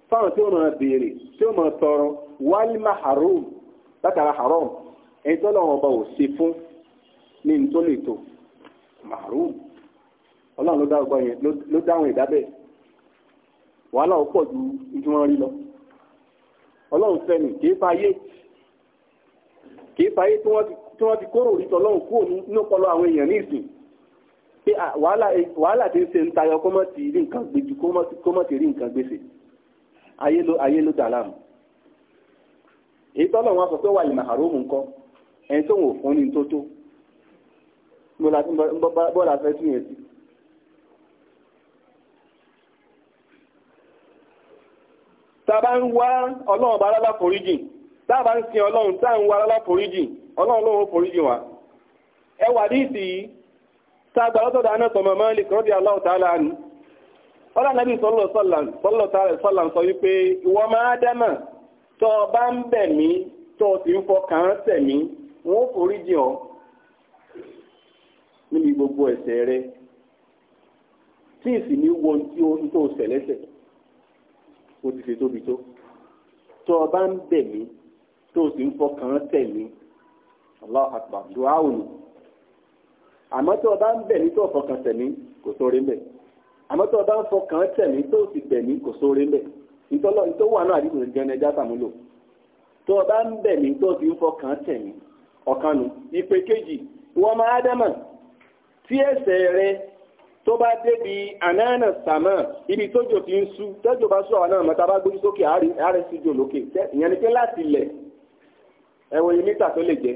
fáwọn tí ó máa béèrè tí ó máa tọrọ wàlí maharum látara haram ẹni tó lọ́wọ́ ọba ò ṣe fún ní ntólètò màálùm ọlọ́run ló dáhùn yẹn ló dáhùn ìdábẹ́ wàhálà ó pọ̀ ju ojú wọn rí lọ ọlọ́run fẹ́ ni kì í fa ayé kì í fa ayé tí wọ́n ti tí wọ́n ti kóró òrìtọ̀ lọ́hùn kúrò ní ọpọlọ àwọn èèyàn ní ìsìn pé wàhálà eh, ti ń ṣe ń tayọ kó ti rí nǹkan gbèjì kó ti rí nǹkan gbèsè ayé ló èyí tọ́lọ̀ wọn sọ pé wà ìmọ̀ àrómù ńkọ́ ẹni tó wò fún ní tó tó bọ́lá fẹ́ tún yẹn sí. tá a bá ń wá ọlọ́run bá rárá foríjì ọlọ́run lóun forí jì wá ẹ wà ní ìsì yìí tá a gbà lọ́tọ̀dọ̀ aná sọmọ Malik radiyallahu ta'ala anhu ọlá nàbí sọlọ sọlọ sọ wípé ìwọ máa dámà tó o bá ń bẹ̀ mí tó o sì ń fọkàn tẹ̀ mí wọn ó forí jì ọ́ níbi gbogbo ẹ̀ṣẹ̀ rẹ tí ìsì ní wo tí ó ń tó sẹ̀lẹ́sẹ̀ ó ti ṣe tóbi tó tó o bá ń bẹ̀ mí tó o sì ń fọkàn tẹ̀ Allahu akbar dùá ò ní àmọ́ tí ọba ń bẹ̀ ní tó ọ̀fọ̀kàn tẹ̀mí kò sóore ń bẹ̀ àmọ́ tí ọba ń fọkàn tẹ̀mí tó sì tẹ̀mí kò sóore ń bẹ̀ ìtọ́lọ́ ìtọ́ wà náà àdìgbò gan ẹja sàmúlò tí ọba ń bẹ̀ ní tó ti ń fọkàn tẹ̀mí ọ̀kan nu ìpè kejì wọ́n máa dámà tí ẹsẹ̀ rẹ tó bá débi ànáànà sàmà ibi tójò ti ń sú tọ́jò bá sú àwọn náà mọ́ta bá gbójú sókè àárẹ̀ sí lókè ìyẹn ni pé láti ilẹ̀ ẹ̀wọ̀n yìí mítà tó lè jẹ́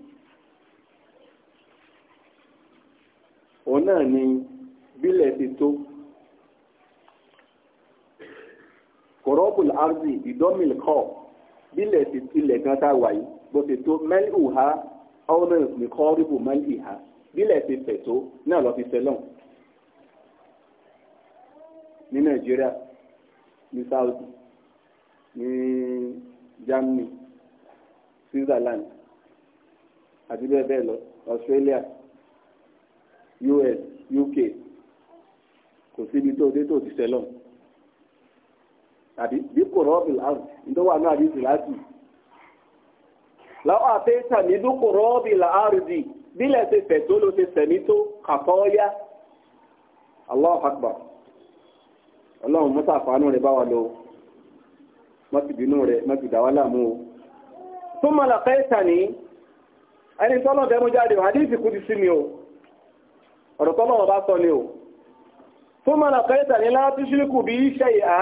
òun náà ni bílẹ̀ ti tó kọ̀rọ́bùl arzi ìdọ́mìl kọ́ bílẹ̀ ti tilẹ̀ gan tá a wà yìí bó ti tó mẹ́lì ìhà ọ̀nà nìkọ́ ríbù mẹ́lì ìhà bílẹ̀ ti fẹ̀ tó náà lọ́ fi fẹ́ lọ́hùn ní nàìjíríà ní saudi ní germany switzerland àti bẹ́ẹ̀ bẹ́ẹ̀ lọ australia. US UK kò síbi tó dé tó ti sẹ́lọ̀ àbí bí kò rọ́ọ̀bì láàrú nítorí wà náà àdìsí láti láwọn àtẹ́sà ní dúkò rọ́ọ̀bì láàrú di bílẹ̀ ṣe fẹ̀ tó ló ṣe sẹ̀mí tó kàkọ́ọ́yá Allahu Akbar ọlọ́run mọ́tà fàánù rẹ̀ bá wà lọ mọ́tì bínú rẹ̀ mọ́tì dàwà láàmú o tó mọ̀ làkẹ́sà ní ẹni tọ́lọ̀ bẹ́mú jáde hadith kú ti sí mi o. ọ̀rọ̀ ọba sọ ni o fún mọ́nà kẹta ni láti ṣíríkù bí iṣẹ́ ìhá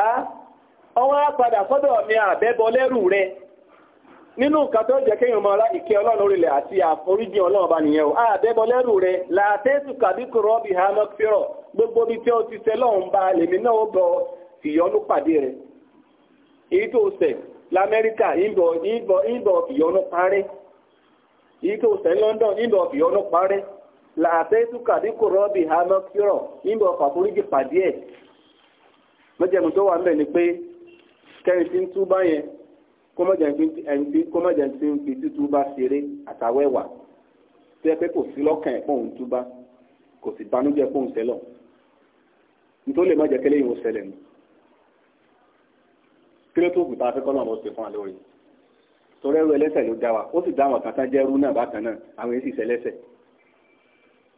ọwọ́ padà fọ́dọ̀ mi àbẹ́bọ lẹ́rù rẹ nínú nǹkan tó jẹ́ mọ́ra ìkẹ́ ọlọ́run orílẹ̀ àti àforíjì ọlọ́run ọba o àbẹ́bọ lẹ́rù rẹ làtẹ́sù kàbíkù rọ́bì gbogbo tí ti sẹ́ lọ́hùn ba lèmi náà ó làtẹ́tùkà bí kò rọ́ọ̀bì ha mọ́kírọ̀ níbi ọkọ̀ àforíjì pàdé ẹ̀ mọ́jẹ̀mú tó wà ń bẹ̀ ni pé kẹ́rin tí ń túbá yẹn kó mọ́jẹ̀ tí ń fi títúbá ṣeré àtàwẹ́wà tó pé kò sí lọ́kàn ẹ̀ pọ̀hún túbá kò sì banújẹ́ pọ̀hún sẹ́lọ̀ nítorí lè kẹ́lẹ́ nù tó kù tá a fẹ́ kọ́ náà mo ṣe fún wa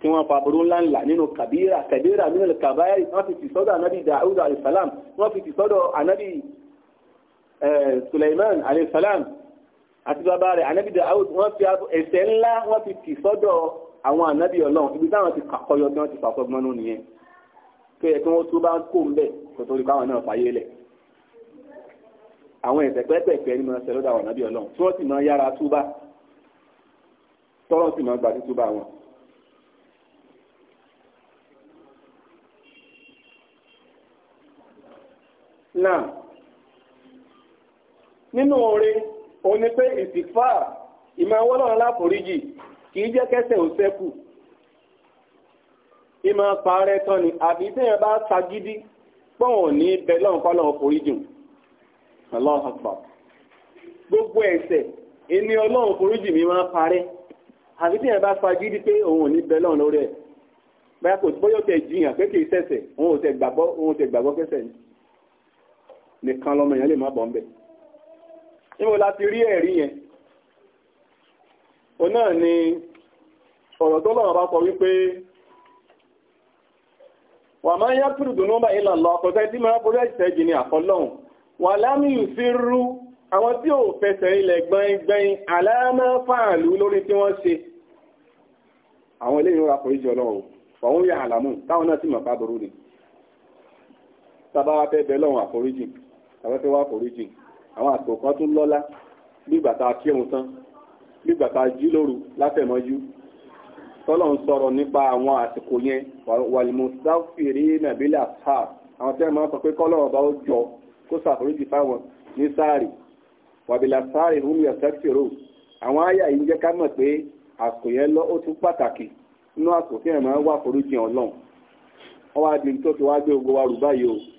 tí wọ́n fa burú ńlá ńlá nínú kàbíra kàbíra nínú kàbáyé wọ́n fi ti sọ́dọ̀ anabi dawud alayhisalam wọ́n fi ti sọ́dọ̀ anabi suleiman alayhisalam àti bàbá rẹ̀ anabi dawud wọ́n fi ẹ̀ṣẹ̀ ńlá wọ́n fi ti sọ́dọ̀ àwọn anabi ọlọ́run ibi táwọn ti kàkọyọ tí wọ́n ti fàkọ́ gbọ́nú nìyẹn tó yẹ kí wọ́n tó bá kó ń bẹ̀ kó torí káwọn náà fàyè lẹ̀ àwọn ẹ̀ṣẹ̀ pẹ́pẹ̀pẹ́ ni wọ́n ṣe lọ́dọ̀ àwọn anabi ọlọ́run tí wọ́n sì máa yára túbà tọ́rọ̀ sì máa gbà wọn. náà nínú orin òun ni pé ìsìfà ìmọ̀ ọwọ́lọ́run láforíjì kì í jẹ́ kẹ́sẹ̀ ò sẹ́kù ìmọ̀ pààrẹ tán ni àbí tẹ́yàn bá sagídí pọ́wọ̀n ní bẹ́lọ́n kọ́lọ́n foríjìn Allahu Akbar gbogbo ẹ̀ṣẹ̀ ẹni ọlọ́run foríjì mi máa parẹ́ àbí tẹ́yàn bá sagídí pé òun ò ní bẹ́lọ́n lórí ẹ̀ bóyá kò bóyá tẹ̀ jiyàn pé kì í ṣẹ̀ṣẹ̀ òun ò tẹ̀ gbàgbọ́ òun ò tẹ̀ gbàgbọ́ kẹ́ṣẹ̀ ni nìkan lọ́mọ yẹn lè má bọ̀ ń bẹ̀ níbo la ti rí ẹ̀rí yẹn òun náà ni ọ̀rọ̀ tó lọ́wọ́ bá kọ wípé wà máa yá kúrò dùnú bá ilà lọ ọkọ̀tẹ́ tí máa fọ́jọ́ ìṣẹ́jì ni àkọlọ́hùn wà lámìí fi rú àwọn tí ò fẹsẹ̀ ilẹ̀ gbẹ̀ngbẹ̀n àlàámá lórí tí wọ́n ṣe àwọn eléyìí ń rapọ̀ ìjọ lọ́wọ́ fọ̀hún yà àlàmù táwọn náà sì mọ̀ pàbòrò ni tábà wá fẹ́ bẹ́ lọ́wọ́ àforíjì àwọn fẹ́ wá foríjì àwọn àsìkò kan tún lọ́lá nígbà tá a kírun tán nígbà tá a jí lóru látẹ̀mọ́jú tọ́lọ̀ ń sọ̀rọ̀ nípa àwọn àsìkò yẹn wàlìmùsáfìrí nàbílà sáà àwọn tí wọ́n máa ń sọ pé kọ́lọ̀ ọba ó jọ kó ṣàforíjì fáwọn ní sáàrì wàbìlà sáàrì hùmí ọ̀sẹ́kìrò àwọn àyà yìí ń jẹ́ ká mọ̀ pé àsìkò yẹn lọ ó tún pàtàkì nínú àsìkò tí wọ́n máa ń wà foríjì ọlọ́run wọ́n wá di tó fi wá gbé ogo wa rù báyìí o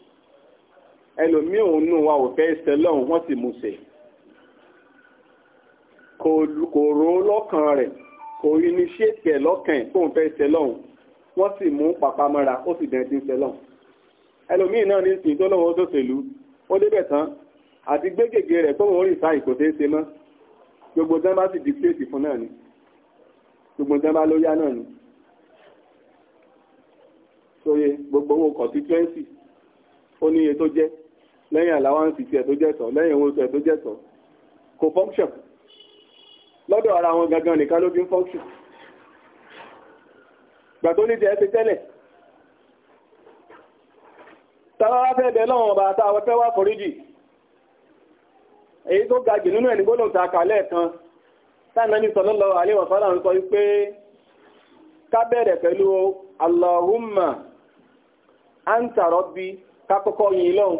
ẹlòmíì òun nù wa ò fẹ́ ṣe lọ́hùn wọ́n sì mú ṣe kò rò ó lọ́kàn rẹ̀ kò rí ní ṣètì ẹ̀ lọ́kàn ẹ̀ tóun fẹ́ ṣe lọ́hùn wọ́n sì mú pàpamọ́ra ó sì dẹ̀ dín ṣe lọ́hùn ẹlòmíì náà ní sìn tó lọ́wọ́ sòṣèlú ó débẹ̀ tán àti gbégègé rẹ̀ tó wọ́n rí sáì kò tẹ́ ṣe mọ́ gbogbo tán bá sì dìkírètì fún náà ni gbogbo tán bá lóyá náà ni sóye gbogbo owó constituency ó níye tó jẹ́ lẹ́yìn àláwáǹsì tiẹ̀ tó jẹ́tọ̀ lẹ́yìn owó tiẹ̀ tó jẹ́tọ̀ kò function lọ́dọ̀ ara wọn gangan nìkan ló fi ń function gbà tó ní tiẹ̀ ti tẹ́lẹ̀ tàbára fẹ́ bẹ̀ lọ́wọ́n bá tàwọn fẹ́ wá foríjì èyí tó ga jù nínú ẹni gbólóhùn ta kàlẹ̀ kan tánàbí sallallahu alaihi wa sallam ń sọ wípé ká bẹ̀rẹ̀ pẹ̀lú Allahumma anta rabbi ká kọ́kọ́ lọ́hùn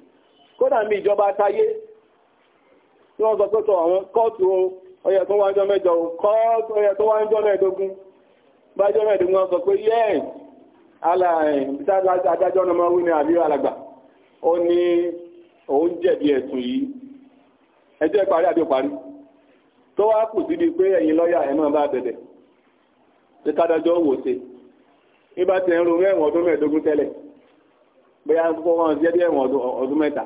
kódà mi ìjọba táyé tí wọ́n sọ pé tọ àwọn kóòtù o ọyẹ tó wájọ́ mẹ́jọ o kóòtù ọyẹ tó wájọ́ mẹ́ẹ̀dógún bájọ́ mẹ́ẹ̀dógún wọ́n sọ pé yẹ́ẹ̀ adájọ́ ọmọ wí ní àbí alàgbà ó ní òun jẹ̀bi ẹ̀sùn yìí ẹjọ́ àbí tó wá kù pé ẹ̀ bá bẹ̀bẹ̀ kádájọ́ wò nígbà tí ẹ̀wọ̀n ọdún tẹ́lẹ̀ bóyá fọwọ́n ẹ̀wọ̀n ọdún mẹ́ta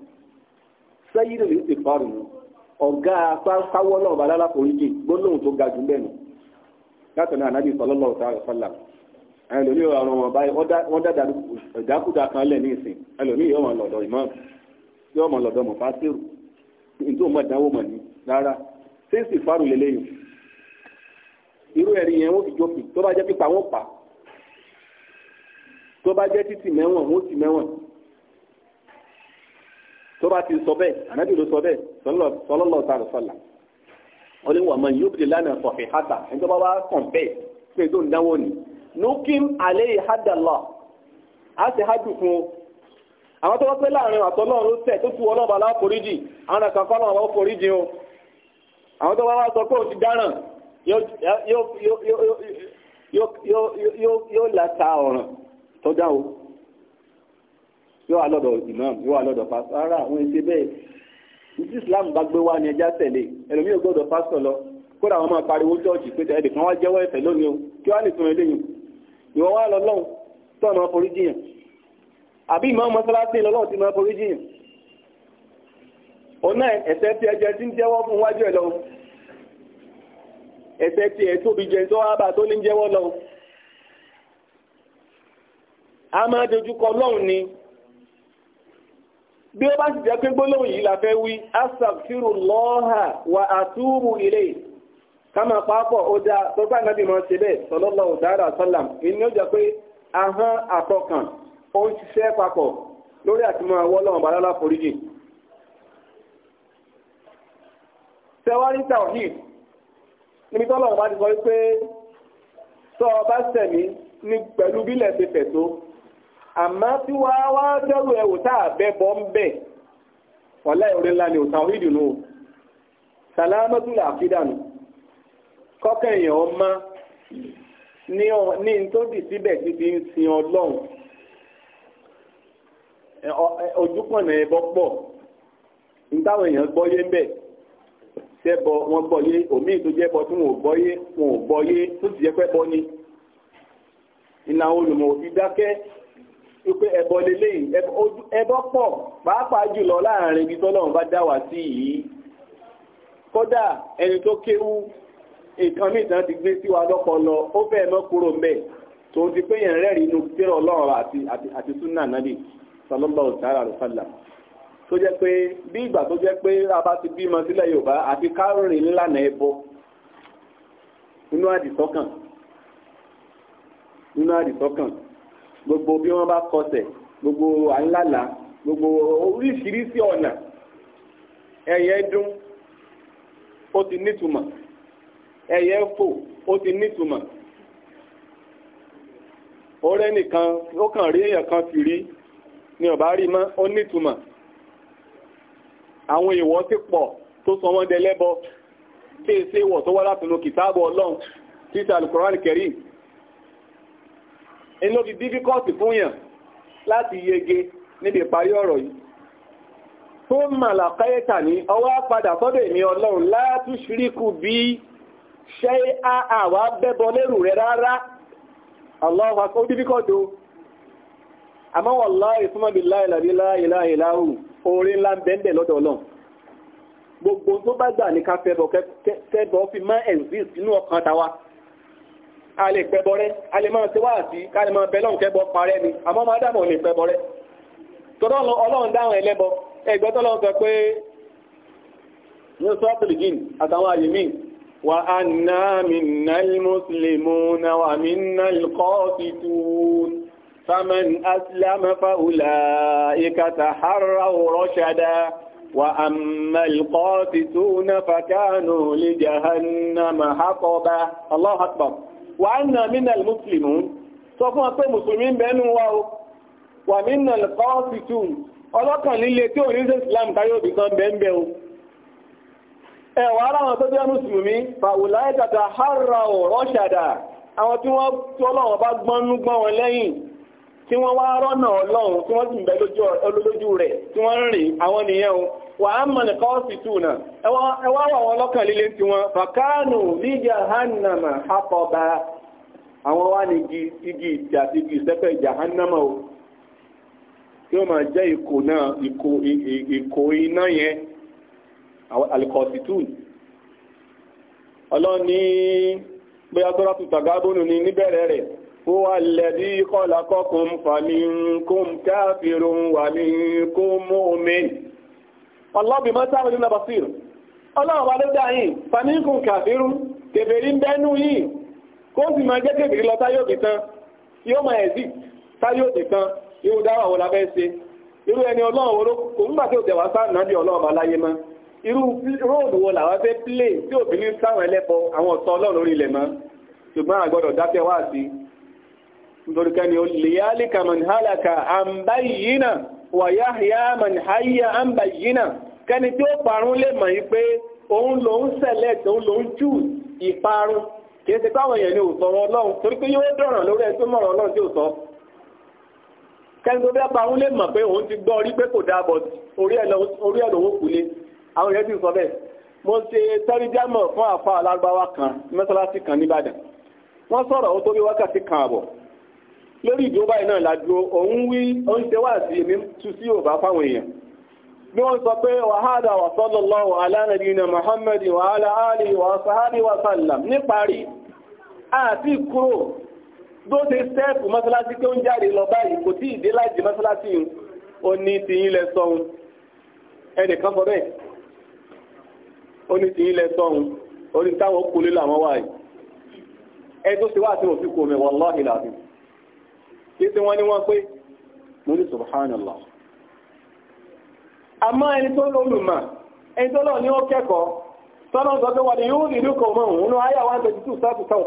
sẹ́yìn lè ti fa rùn ọ̀gá apáwọ́ náà bá lálá foríjì gbólóhùn tó ga jù bẹ́ẹ̀ nù látọ̀ náà anábì sallallahu ta'ala sallam ẹlòmíì ọ̀rọ̀ wọn báyìí wọ́n dàda ìdákùdà kan lẹ̀ ní ìsìn ẹlòmíì yóò wọn lọ́dọ̀ ìmọ̀ yóò wọn lọ́dọ̀ mọ̀ fásitì nítorí wọn dánwò mọ̀ ní rárá sẹ́ǹsì fárùn lélẹ́yìn irú ẹ̀rí yẹn wọ́n fi jókòó tó bá jẹ́ pípa wọ́n pa tó bá jẹ́ títì mẹ́wọ̀n wọ́n ti mẹ́wọ̀n tó bá ti sọ sọ sọlọ́lọ́ sàrò ní yóò lánàá hàtà bá wá kàn bẹ́ẹ̀ pé tó ń nukim a ti fún àwọn tó láàrin tẹ̀ tó tu ọlọ́ba láforíjì àwọn kọ́ lọ́wọ́ foríjì o àwọn tó wá sọ pé òun ti dáràn yóò ọ̀ràn tó yóò wà lọ́dọ̀ imam yóò wà lọ́dọ̀ pastor. rárá àwọn èsì bẹ́ẹ̀ ìsì islam bá gbé wá ní ẹja tẹ̀lé ẹlòmíì gbọ́dọ̀ pásítọ̀ lọ kódà wọn máa pariwo chọ́ọ̀chì pé ẹ̀dì kan wá jẹ́wọ́ ẹ̀fẹ̀ lónìí o kí wá lè tún ẹ léyìn ìwọ wá lọ lọ́hùn tó ọ̀nà forí jiyàn àbí ìmọ̀ mọ́sálásí lọ́lọ́hùn ti máa forí jiyàn ọ̀nà ẹ̀sẹ̀ tí ẹjẹ ti ń jẹ́wọ́ fún wájú ẹ̀ lọ ẹ̀sẹ̀ tí ẹ̀ tóbi jẹ tó wá bà tó ní jẹ́wọ́ lọ a máa dojúkọ lọ́hùn ni bí ó bá sì jẹ́ pé gbólóhùn yìí la fẹ́ wí astaghfirullaha wa atubu ilayhi kámà pápọ̀ ó dá tọ́gbà nábì mọ́ ṣe bẹ́ẹ̀ sallallahu ta'ala sallam ìní ó jẹ́ pé ahọ́n àtọkàn ó ń ṣiṣẹ́ papọ̀ lórí àti máa wọ́ lọ́wọ́n balọ́lá foríjì tẹwárí tawhid níbi tọ́lọ́wọ́n bá ti sọ wípé tọ́ ọ bá sẹ̀mí ní pẹ̀lú bílẹ̀ ṣe fẹ̀ tó àmọ́ tí wá wá dẹ́rù ẹ̀wò tá a bẹ́ bọ́ ń bẹ̀ wọ́lá ìrìn ńlá ni ò tàwọn ìdùnnú o sàlámọ́túlà àfídànù kọ́kẹ́ èèyàn ní tó dì síbẹ̀ tí ti ń sin ọlọ́run ojúpọ̀nà ẹbọ pọ̀ nítawọ̀ èèyàn gbọ́yé wọn gbọ́yé òmíì tó jẹ́bọ tí wọn ò gbọ́yé wọn ò yé, tó ti jẹ́ ni olùmọ̀ òfin dákẹ́ wípé ẹbọ lélẹyìn ẹbọ pọ̀ pàápàá jùlọ láàrin ibi tọ́lọ́run bá dá wá sí yìí kódà ẹni tó kéwú nǹkan míì tán ti gbé sí wa lọ́pọlọ ó fẹ́ẹ̀ mọ́ kúrò mbẹ̀ tó ti pé yẹn rẹ́rìí inú tẹ́rọ ọlọ́run àti àti súnà nàbì sọlọ́lọ́ ọ̀sára rọ̀sálà tó jẹ́ pé bí ìgbà tó jẹ́ pé a bá ti bímọ sílẹ̀ yorùbá àti káròrìn ńlànà ẹbọ nínú àdìsọ́kàn nínú àdìsọ́kàn gbogbo bí wọ́n bá kọsẹ̀ gbogbo àńlàlà gbogbo oríṣiríṣi ọ̀nà ẹ̀yẹ dún ó ti nítumọ̀ ẹ̀yẹ fò ó ti nítumọ̀ ọ̀rẹ́ nìkan ó kàn rí èèyàn kan sì rí ni ọ̀bá rí mọ́ ó nítumọ̀ àwọn ìwọ̀ ti pọ̀ tó sọ wọ́n dẹlẹ́bọ tí èsè ìwọ̀ tó wá látinú kìtáàbù ọlọ́run títà alukọ̀rán kẹrin inú fi dífíkọ́ọ̀tì fún yàn láti yege níbi ìparí ọ̀rọ̀ yìí tó màlàkáyẹ́ta ní ọwọ́ padà sọ́dọ̀ èmi ọlọ́run látú ṣíríkù bí ṣe àwà bẹ́bọ lérù rẹ rárá aláwọ̀ ó dífíkọ́ọ̀tì o àmọ́ wallahi ìfúnmọ́bí láìláì láìláì láhù orin ńlá bẹ́ẹ̀ lọ́dọ̀ ọlọ́run gbogbo tó bá gbà ní exist nínú ọkàn a lè pẹbọ rẹ a lè máa ṣe wá àti ká lè máa bẹ lọ́n kẹbọ parẹ́ ni àmọ́ máa dáàmú lè pẹbọ rẹ tọ́lọ́ dáhùn ẹlẹ́bọ ẹgbẹ́ tọ́lọ́ sọ pé ní sọ́ọ̀tìlì àtàwọn àyè míì wà á nà mìnà mùsùlùmù náà wà mìnà kọ́ọ̀tì tún fámẹ́n asìlámù fáwùlà ìkàtà hàrà òrọ́ṣàdá وأما القاسطون فكانوا لجهنم حطبا الله أكبر wà nà mínà mùsùlùmù sọ fún wa pé mùsùlùmí ń bẹnu wa o wà mínà kọ́ọ̀sìtù ọlọ́kàn líle tí òní ṣe islam káyọ̀ òbí kan bẹ́ẹ̀ bẹ́ẹ̀ o ẹ̀wà ara wọn tí wọ́n wá rọ́nà ọlọ́run tí wọ́n sì ń bẹ lójú rẹ̀ tí wọ́n ń rìn àwọn nìyẹn o wà á mọ̀ ní ọ̀sì tù náà ẹ wá wà wọn lọ́kàn líle tí wọ́n fàkánù li jahannama àpọ̀ba àwọn wá ní igi ìtì àti igi ìjà jahannama o tí ó máa jẹ́ ìkó náà ìkó iná yẹn àlìkọ̀ọ̀sì tù ọlọ́ni bóyá tó rà tùtàgádùn ní níbẹ̀rẹ̀ rẹ̀ هو الذي خلقكم فمنكم كافر ومنكم مؤمن الله بما تعملون بصير الله وعلى فمنكم كافر كافرين بأنه كنت ما جاء تايو بيتان يوم يزيد تايو بيتان òbí ní sáwọn ẹlẹ́bọ àwọn ọ̀tọ́ nítorí ká ní ó lèyálíkà man hálàkà àmbáyìnà wàyáhìá man háyà àmbáyìnà kẹni tí ó parun lè mọ̀ yí pé òun ló ń select òun ló ń jù ìparun kìí ṣe káwọn èèyàn ní òsọ̀rọ̀ ọlọ́run torí pé yóò dọ̀ràn lórí ẹni tó mọ̀rọ̀ tí ò sọ kẹni tó bẹ́ parun lè mọ̀ pé òun ti gbọ́ orí pé kò dáa bọ̀ orí ẹ̀ lòun kù lé àwọn èèyàn ti sọ bẹ́ẹ̀ mo ṣe tẹ́rìjámọ̀ fún àfa alárúbáwá kan mẹ́sàlásì kan nìbàdàn wọ́n sọ̀rọ̀ ó tó bí wákàtí kan àbọ̀ lórí ìdúró báyìí náà la dúró òun wí òun ṣe sí èmi tú sí òbá fáwọn èèyàn bí wọ́n sọ pé wàhádà wà ala nabina Muhammad wà ala alihi wà sàhálì wà sàlám níparí àti kúrò tó ṣe sẹ́ẹ̀pù mọ́sálásí tó ń jáde lọ báyìí kò tí ìdé láti mọ́sálásí ní ti sọ́hun ní ti sọ́hun orí táwọn làwọn wáyìí ẹ tó ṣe wá sí òfin kò mẹ́wàá e tí wọ́n wọn wọ́n pé mo ní subhanallah àmọ́ ẹni tó lólùmọ̀ ẹni tó lọ ní ó kẹ́kọ̀ọ́ sọ́nà yóò sáàtù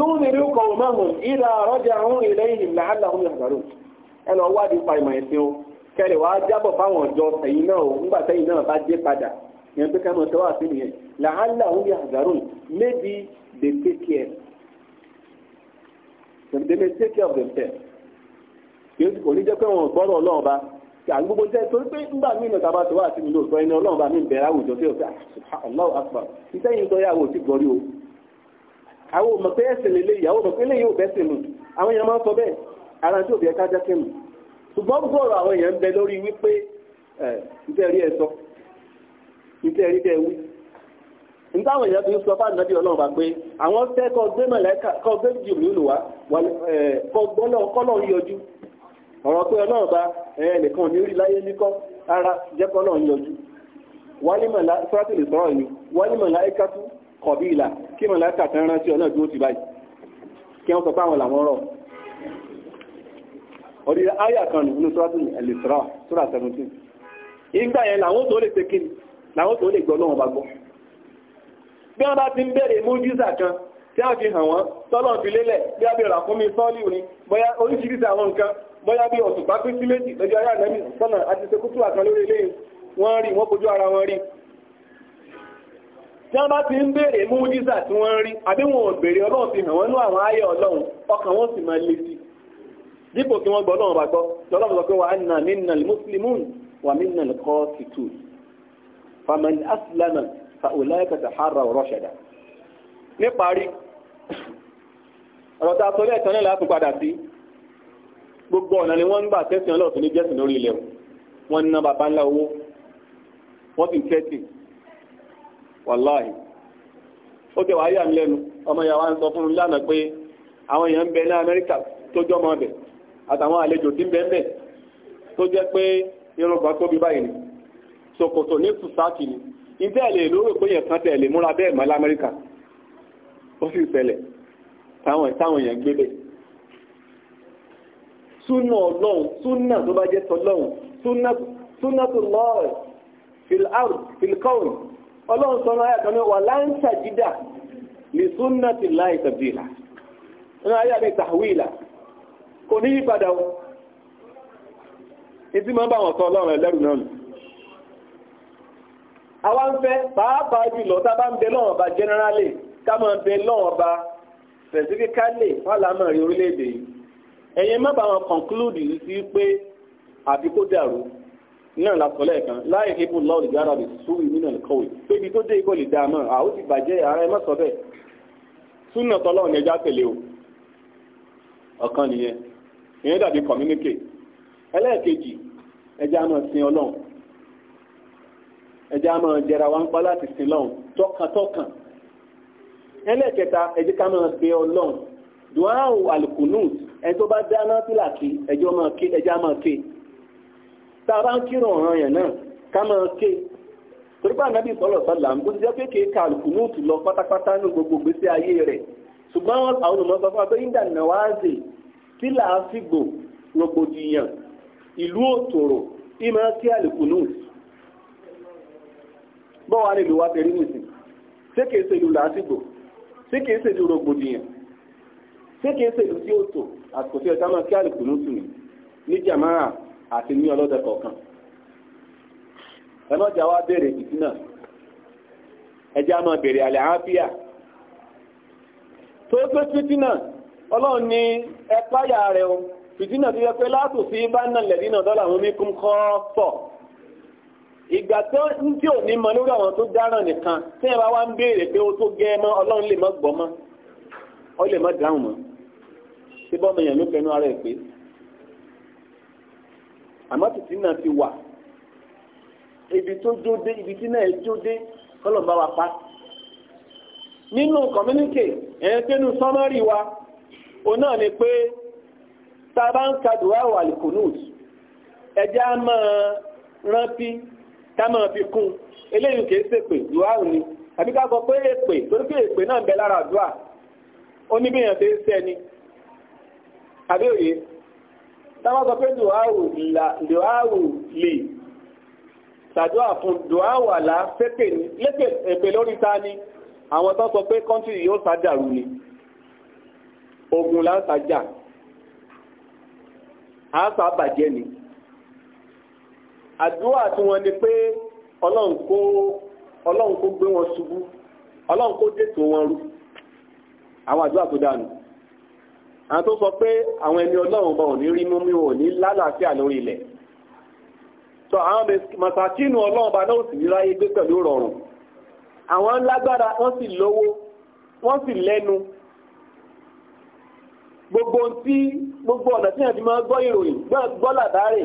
yóò ìlà àrọ́jà ilẹ̀ ìhìn o kẹlẹ̀ wàá jábọ̀ fáwọn ọjọ́ ẹ̀yìn náà o ńgbà tẹ́yìn náà bá dé padà yẹn pé kẹ́mọ̀ tẹ́wà sí nìyẹn làálà òun yàgbàrú maybe they take care they may take care of themselves kò ní jẹ́ pé wọn gbọ́dọ̀ ọlọ́run bá àgbogbo jẹ́ torí pé nígbà míì náà tàbá tó wà sí mi lóòótọ́ ẹni ọlọ́run bá mi bẹ̀rẹ̀ àwùjọ tí ó fẹ́ Allahu Akbar iṣẹ́ yìí ń sọ yàwó tí gbọ́rí o àwọn ò mọ̀ pé ẹ̀sìn lélẹ̀ ìyàwó mọ̀ pé léyìí ò bẹ́sẹ̀ mu àwọn èèyàn máa ń sọ bẹ́ẹ̀ ara tí ò ẹ̀ka jákè mu ntáwọn èèyàn fi ń sọ fún ànábì ọlọ́run bá pé àwọn fẹ́ kọ́ gbé mọ̀lẹ́kà kọ́ gbé jìbìlì wá kọ́ gbọ́lọ́ kọ́lọ́ yọjú ọ̀rọ̀ pé ọlọ́run bá ẹnìkan ní orí láyé níkọ́ ara jẹ́ kọ́lọ́ yọjú wálímọ̀lá sọ́tìlì sọ́rọ̀ ni wálímọ̀lá ikátú kọ̀bí ìlà kí mọ̀lẹ́kà tẹ́ rántí ọ̀nà dúró ti báyìí kí wọ́n sọ pé àwọn làwọn rọ̀ orí ayà kan nínú sọ́tìlì ẹ̀lẹ́sọ̀rọ̀ sọ́rọ̀ 17 ìgbà yẹn làwọn tó lè ṣe bí wọ́n bá ti ń bẹ̀rẹ̀ mójísà kan tí a fi hàn wọ́n tọ́lọ̀ fi lélẹ̀ bí a bí ọ̀rà fún mi sọ́ọ̀lì ní bóyá oríṣiríṣi àwọn nǹkan bóyá bí ọ̀tùpá pín sí méjì lọ́jọ́ ayé àlẹ́mì sọ́nà àti sekútù àkan lórí ilé wọ́n rí wọ́n kojú ara wọn rí tí wọ́n bá ti ń bèèrè mújísà tí wọ́n rí àbí wọn ò bèèrè ọlọ́run fi hàn wọ́n ní àwọn ayé ọlọ́run ọkàn wọn sì máa le sí dípò kí wọ́n gbọ́ ọlọ́run bá gbọ́ lọ́lọ́run sọ pé wà á nà mí nà muslimun wà mí nà kọ́ sì tù fàmìlì asìlámà fàwùláyẹ̀kà tàhárà rọ́ṣẹ̀dà níparí ọ̀rọ̀ tá a sọ lẹ́ẹ̀kan náà láti padà sí gbogbo ọ̀nà ni wọ́n ń gbà tẹ́sìn ọlọ́ọ̀tún ní jẹ́sìn lórí ilẹ̀ wọn ń ná bàbá ńlá owó wọ́n sì ń tẹ́sìn wàláhì ó tẹ wàá yà mí lẹ́nu ọmọ ìyá wa ń sọ fún mi lánàá pé àwọn èèyàn ń bẹ ní Amẹ́ríkà tó jọ́ ọmọ ọbẹ̀ àtàwọn àlejò tí ń bẹ ń tó jẹ́ pé irun kan tóbi báyìí ni ṣòkòtò ní sùsáàkì ni ìtẹ́ẹ̀lẹ̀ lórí ìpéyàn kan tẹ̀lé múra bẹ́ẹ̀ mọ́ lamẹ́ríkà ó sì ṣẹlẹ̀ táwọn èèyàn gbé bẹ́ẹ̀ súnà ọlọ́run súnà tó bá jẹ́ tọlọ́run súnà tó lọ́ọ̀rẹ̀ fìlárù fìlkọ́rù ọlọ́run sọ náà yàtọ̀ ní wà láńṣà jídà ní súnà ti láì tàbílà àwa ń fẹ́ pàápàá jùlọ tá a bá ń bẹ lọ́wọ́n ọba generally ká máa bẹ lọ́wọ́n ọba specifically fàlámà rí orílẹ̀-èdè yìí ẹ̀yin má bá wọn conclude yìí sí pé àbí kó dàrú náà la sọ lẹ́ẹ̀kan láì hébù lọ́ọ̀lù gbára rẹ̀ sùn nínú ẹ̀kọ́ yìí pébi tó dé ibòlì dáa mọ́ àwọn ti bàjẹ́ ara ẹ má sọ bẹ́ẹ̀ súnà tọ́lọ́ ní ẹja tẹ̀lé o ọ̀kan nìyẹn ìyẹn dàbí communicate ẹlẹ́ẹ̀kejì ẹja máa sin ọlọ́run ẹjẹ́ a máa jẹra wa ń pa láti sin lọ́hùn tọkàntọkàn ẹlẹ́ẹ̀kẹta ẹjẹ́ ká máa pe ọlọ́hùn duwawu alukunut ẹni tó bá dáná pílà kí ẹjọ́ máa ké ẹjẹ́ a máa ké tá a bá ń kírun ọ̀ràn yẹn náà ká máa ké torí bá anábì sọlọ sọlá ń gbọ́dọ̀ jẹ́ pé kì í lọ pátápátá ní gbogbo gbèsè ayé rẹ̀ ṣùgbọ́n àwọn olùmọ̀sọ fún wa pé yíńdà nàwáàzì pílà àfìgbò rògbòdìyàn ìlú òtòrò ìmọ̀ kí alukunut bọ́wà ní ìlú wa tẹ̀rí nìsín ṣé kìí ṣe ìlú làásìgbò ṣé kìí ṣe ìlú rògbòdìyàn ṣé kìí ṣe ìlú tí ó tò àsìkò tí ọ̀tá máa kí àlùkò ní tùmí ní jàmáà àti ní ọlọ́dẹ kọ̀ọ̀kan ẹnọ́jà wa béèrè ìdí náà ẹjẹ́ a máa béèrè àlẹ́ àáfíà tó gbé fìtínà ọlọ́run ní ẹ̀páyà rẹ̀ o fìtínà ti yẹ pé látòsí bá ń nà lẹ́dínà dọ́là àwọn omi kún kọ́ pọ̀ ìgbà tó ń tí ò ní mọ lórí àwọn tó dáràn nìkan tí ẹ bá wá ń béèrè pé ó tó gẹ́ mọ́ ọlọ́run lè mọ́ gbọ́ mọ́ ọ lè mọ́ dáhùn mọ́ ṣé bọ́ mẹ̀yàn ló fẹnu ara ẹ̀ pé àmọ́ títí náà ti wà ibi tó jó dé ibi tí náà jó dé kọ́lọ̀ bá wa pa nínú kọ̀míníkè ẹ̀yẹn pé nínú sọ́mọ́rì wa òun náà ni pé tá a bá ń ka dùwà wà lìkùnúùtù ẹ̀jẹ̀ á máa rántí ká máa fi kún eléyìí kìí ṣèpè dùá òní àbí ká sọ pé èpè torí pé èpè náà ń bẹ lára dùá ó ní bíyàn ṣe ń sẹ́ni àbí òye táwọn sọ pé dùá ò lè ṣàdúrà fún dùá wà lá ṣépè ní lépè èpè lórí ta ni àwọn tó sọ pé kọ́ńtì yóò ṣàdàrú ni ogun là ń ṣàjà à ń ṣàbàjẹ́ ni àdúrà tí wọ́n ní pé ọlọ́run kó ọlọ́run kó gbé wọn ṣubú ọlọ́run kó dètò wọn rú àwọn àdúrà tó dànù àwọn tó sọ pé àwọn ẹni ọlọ́run bọ̀ ní rínú mi ò ní lálàáfíà lórí ilẹ̀ tó àwọn màsàkínú ọlọ́run bá náà sì ráyé gbé pẹ̀lú rọrùn àwọn lágbára wọ́n sì lówó wọ́n sì lẹ́nu gbogbo ọ̀nà tí wọ́n ti máa gbọ́ ìròyìn gbọ́ làdárè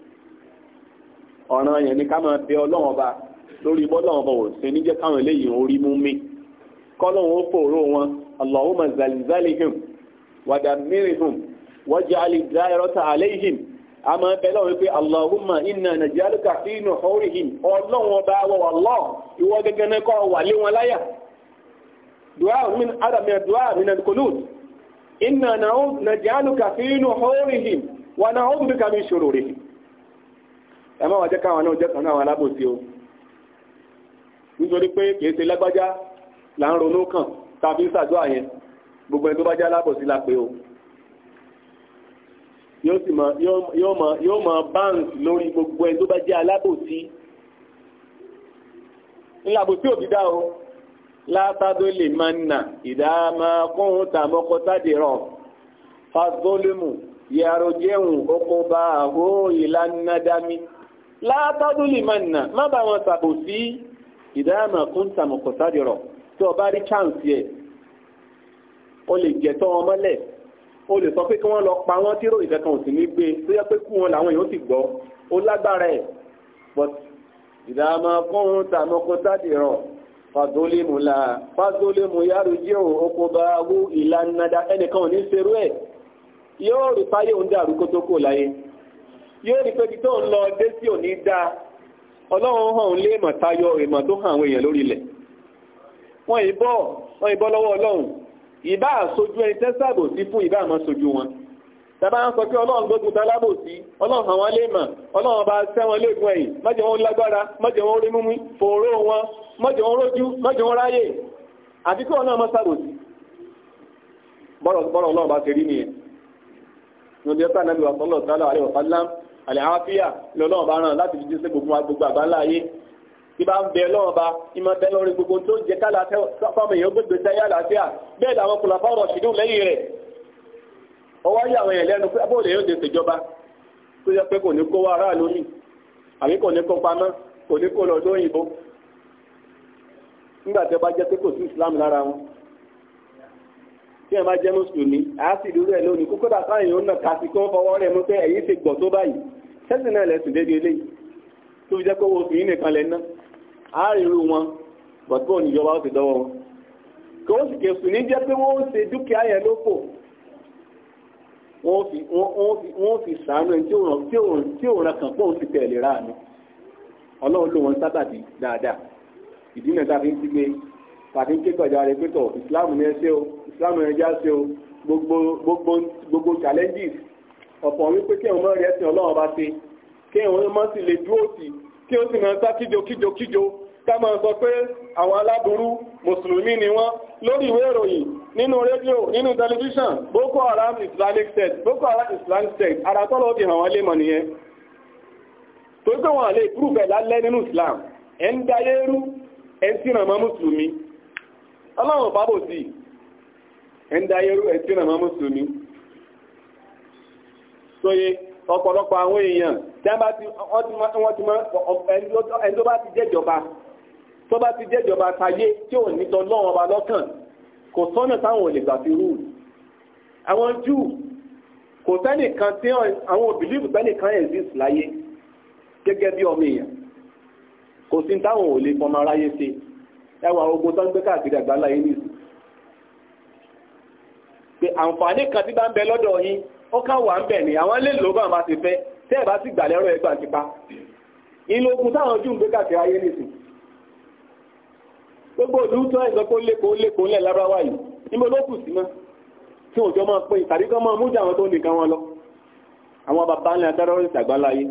ọ̀ràn yẹn ni ká máa bẹ ọlọ́run ọba lórí bọ́lọ́run ọba ò sí ní jẹ́ káwọn eléyìí orí mú mi kọ́lọ́run ó fòró wọn allahumma zalzalihim wadamirihum waj'al da'irata alayhim a máa bẹ lọ́wọ́ pé allahumma inna najaluka fi nuhurihim ọlọ́run ọba wọ̀ lọ́ ìwọ gẹ́gẹ́ náà kọ́ wà lé wọn láyà dùá ẹ má wàá jẹ́ káwọn náà jẹ́ kan náà àwọn alábòsí o nítorí pé kìí ṣe lágbájá là ń ronú kàn tàbí ṣàdúrà yẹn gbogbo ẹni tó bá jẹ́ alábòsí la pé o yóò sì mọ yóò mọ yóò mọ báǹkì lórí gbogbo ẹni tó bá jẹ́ alábòsí ńlábòsí ò fi dá o látàdó lè máa nà ìdáàmà kóhun tàmọ́kọ́tàdìrọ̀ fàzọ́lẹ́mù yàrá jẹun okòó bá àhó ìlànà dámi látọ́dún lè máa nà má bá wọn sàbò sí ìdáàmà kún tàmùkọ̀sádìrọ̀ tí ọba rí chance yẹ o lè jẹ̀tọ́ wọn mọ́lẹ̀ o lè sọ pé kí wọ́n lọ pa wọ́n tí ròyìn kankan ò ní gbé tó yẹ pé kú wọn làwọn èèyàn sì gbọ́ ó lágbára ẹ̀ but ìdáàmà kún tàmùkọ̀sádìrọ̀ fàdólímù la fàdólímù yàrá jẹ́ òkú bá wú ìlànà ẹnìkan ò ní ṣerú ẹ̀ yóò rí páyé òun dàrú kótókó láyé yóò rí pé ibi tó ń lọ dé sí òní dáa ọlọ́run hàn ń lé ìmọ̀ tayọ ìmọ̀ tó hàn àwọn èèyàn lórí ilẹ̀ wọ́n ìbọ́ wọ́n ìbọ́ lọ́wọ́ ọlọ́run ìbá àsojú ẹni tẹ́sàbò sí fún ìbá àmọ́ sojú wọn tàbá ń sọ pé ọlọ́run gbógun ta lábò sí ọlọ́run hàn wọ́n lé ìmọ̀ ọlọ́run bá sẹ́wọn léegun ẹ̀yìn mọ́jọ wọn lágbára mọ́jọ wọn rí múmi fòró wọn mọ́jọ wọn rójú mọ́jọ wọn ráyè àti kí wọn náà mọ́ sàbò sí bọ́rọ̀ ọlọ́run bá ṣe rí nìyẹn àlàáfíà lọ́lọ́run bá ràn láti fi jí sí gbogbo gbogbo àgbáńlá ayé tí bá ń bẹ lọ́run bá ìmọ̀ bẹ lọ́rin gbogbo tó jẹ kálá fáwọn èèyàn gbogbo sẹ́yà àlàáfíà bẹ́ẹ̀ làwọn kùlà fáwọn ṣìdún lẹ́yìn rẹ̀ ọwọ́ yà àwọn èèyàn lẹ́nu pé abóòlù yóò dé ṣèjọba tó yẹ pé kò ní kó wá aráàlú mi àbí kò ní kó pamọ́ kò ní kó lọ lóyìnbó nígbà tí ó bá jẹ́ pé kò sí ìsìlámù lára wọn tí ẹ bá jẹ́ mùsùlùmí àásìdì rẹ̀ lónìí kókó dàtà èèyàn ń nà kàsí kó fọwọ́ rẹ̀ mú pé ẹ̀yìn ti gbọ̀ tó báyìí sẹ́sìn náà lẹ́sìn débi eléyìí tó fi jẹ́ kó oṣù yìí nìkan lẹ́ná àárínrú wọn bọ̀tbọ̀ níjọba ó ti dọ́wọ́ wọn kò ó sì kẹsù ní jẹ́ pé wọ́n ń ṣe dúkìá yẹn lófò wọ́n fi sàánú ẹni tí ò ràn kàn pọ́n ti tẹ̀lé ráàánú ọlọ́run ló wọn sábàbí dáadáa ìdí náà dábí ń ti gbé tàbí kíkọ̀járe pẹ́tọ̀ ìsìláàmù ní ẹsẹ́ o ìsìláàmù ẹjá ṣe o gbogbo challenges ọ̀pọ̀ wípé kí ọmọ rẹ̀ ẹ̀sìn ọlọ́run bá ṣe kí ọmọ má sì lè dúró sí kí ó sì máa sá kíjo kíjo kíjo ká máa sọ pé àwọn aláburú mùsùlùmí ni wọ́n lórí ìwé ìròyìn nínú rédíò nínú tẹlifíṣàn Boko Haram Islamic State Boko Haram Islamic State ara tọ́lọ́ ti hàn wọ́n lé mọ̀ nìyẹn tó gbé wọn àlè ìkúrùfẹ̀ lálẹ́ nínú Islam ẹ̀ ń dayé rú ẹ̀ ń sìnà mọ́ mùsùlùmí ọlọ́run bábò sí ẹ̀ńdá ayérú ẹ̀sìn náà máa mùsùlùmí sóye ọ̀pọ̀lọpọ̀ àwọn èèyàn tí wọ́n ti mọ ẹni tó bá ti jẹ́jọba tó bá ti jẹ́jọba tayé tí ò ní tọ́ lọ́wọ́n ọba lọ́kàn kò sọ́nà táwọn ò lè gbà fi rúù àwọn júù kò sẹ́nìkan tí àwọn òbílíìfù sẹ́nìkan exist láyé gẹ́gẹ́ bí ọmọ èèyàn kò sí táwọn ò fọmọ aráyé ṣe ẹwà ogun tó ń gbé káàkiri àgbáńlá yìí nìyí pé àǹfààní kan tí bá ń bẹ lọ́dọ̀ yín ó ká wà ń bẹ ní àwọn ilé ìlú bá máa ti fẹ́ tẹ́ ẹ̀ bá sì gbà lẹ́rọ ẹgbà ti pa ìlú ogun táwọn ojú ń gbé káàkiri ayé nìyí gbogbo òdú tó ẹ̀sọ́ pé ó lékòó lékòó lẹ̀ lábáwá yìí níbo ló kù sí mọ́ tí òjò máa máa mú àwọn tó nìkan wọn lọ àwọn bàbá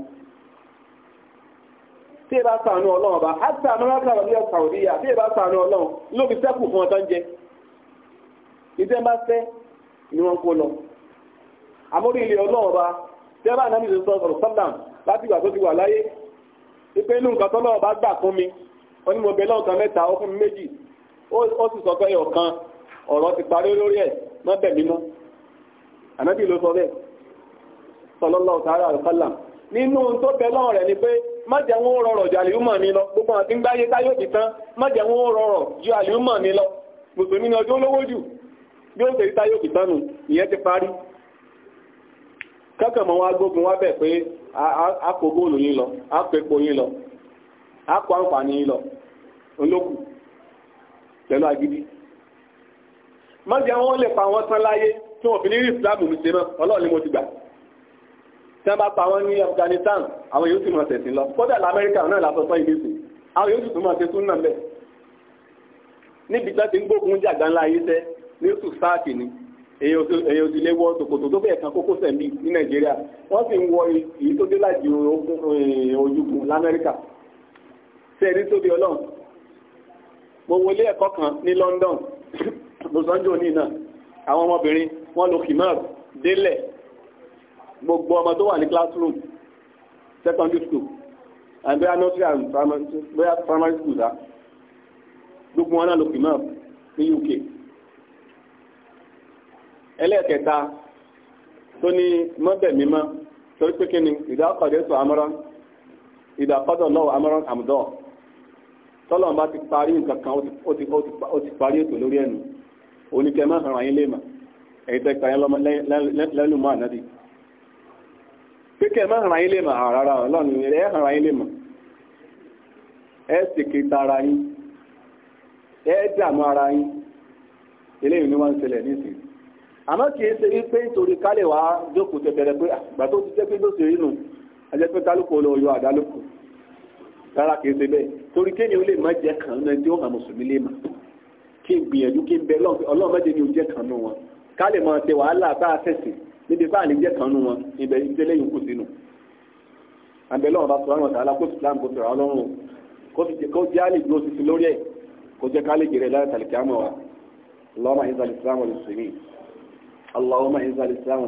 tí ẹ bá sànú ọlọ́run ọba àti amẹ́ríkà lọ́bí ọ̀sà òdìyà tí ẹ bá sànú ọlọ́run ló fi sẹ́kù fún ọtọ́ ń jẹ ìjẹ́ bá fẹ́ ni wọ́n kó lọ. àmórí ilé ọlọ́run ọba tí ẹ bá nàbí ìṣe sọ sọ̀rọ̀ sọ́dàm láti ìgbà tó ti wà láyé ipe inú nǹkan tọ́lọ́run ọba gbà fún mi ó ní mo bẹ lọ́ọ̀kan mẹ́ta ó fún mi méjì ó sì sọ pé ọ̀kan ọ̀rọ̀ ti parí lórí ẹ̀ mọ́ bẹ̀ mímọ́ má jẹ́ wọn rọrọ̀ ju àlìhùmọ̀ mi lọ gbogbo àti ń gbáyé táyọ̀ ti tán má jẹ́ wọn rọrọ̀ ju àlìhùmọ̀ mi lọ mùsùlùmí ni ọjọ́ olówó jù bí ó tẹ̀rí táyọ̀ ti tán nù ìyẹn ti parí kọ́kàn mọ́ gbógun wá bẹ̀ pé a kò góòlù yín lọ a kò epo yín lọ a kò àǹfààní yín lọ olókù pẹ̀lú agídí má jẹ́ wọn lè pa wọn tán láyé tí wọn fi ní rí ìsìlámù mi ṣe mọ́ ọlọ́ọ̀ni mo ti gbà tí wọ́n bá pa wọ́n ní Afghanistan àwọn yóò sì mọ̀ tẹ̀sí lọ kódà lamẹ́ríkà náà la sọ́sọ́ ìgbésì àwọn yóò sì tún mọ̀ ṣe tún náà bẹ̀. níbi tí wọ́n ti ń gbógun jàgbá ńlá ayé sẹ́ ní sùsáàkì ni èyàn sì lè wọ tòkòtò tó bẹ̀ẹ̀ kan kókó sẹ̀mí ní Nàìjíríà wọ́n sì ń wọ èyí tó dé láti eh, ojúgun lamẹ́ríkà sẹ́ẹ̀rí tóbi Ọlọ́run mo wọlé ẹ̀kọ́ kan ní London lọ́sọ́njọ́ òní náà àwọn ọmọbìnrin wọ́n lo kìmọ́ọ̀rù délẹ̀ gbogbo ọmọ tó wà ní classroom secondary school and bóyá nursery and bóyá primary school dá gbogbo wọn náà ló pìmọ̀ ní UK ẹlẹ́ẹ̀kẹta tó ní mọ́bẹ̀ mímọ́ torí pé kíni ìdákọ̀dẹ́sọ amọ́rán ìdàkọ́dọ̀ lọ́wọ́ amọ́rán àmúdọ́ tọ́lọ̀ bá ti parí nǹkan kan ó ti parí ètò lórí ẹ̀nu oníkẹ́ máa hàn ayé lè mà ẹ̀yìn tẹ́ka yẹn lẹ́nu mọ́ ànádìí kẹ́ ma má hàn yín lè mọ̀ rárá ọlọ́run ní ẹ hàn yín lè mọ̀ ẹ sì kéta tara yín ẹ dààmú ara yín eléyìí ni wọ́n ń ṣẹlẹ̀ nísìnyí àmọ́ kì í ṣe wípé nítorí kálẹ̀ wá jókòó pé àgbà tó ti jẹ́ pé yìí nù ajẹ́ pé yọ àdálùkù rárá kì í ṣe bẹ́ẹ̀ torí ó lè má jẹ́ kàn tí ó hàn mùsùlùmí lè mà kí gbìyànjú kí níbi bá àlè jẹ́ kan nù wọn ibẹ̀ ìtẹ́lẹ̀ yìí kù sínú àbẹ̀lẹ̀ ọba sọ̀rọ̀ àwọn tààlà kó islam kó sọ̀rọ̀ ọlọ́run kó jẹ́ àlè dúró sísun lórí ẹ̀ kó jẹ́ ká lè jèrè lára tàlìkì àmọ́ wa allahumma inza al-islam wal muslimin allahumma inza al-islam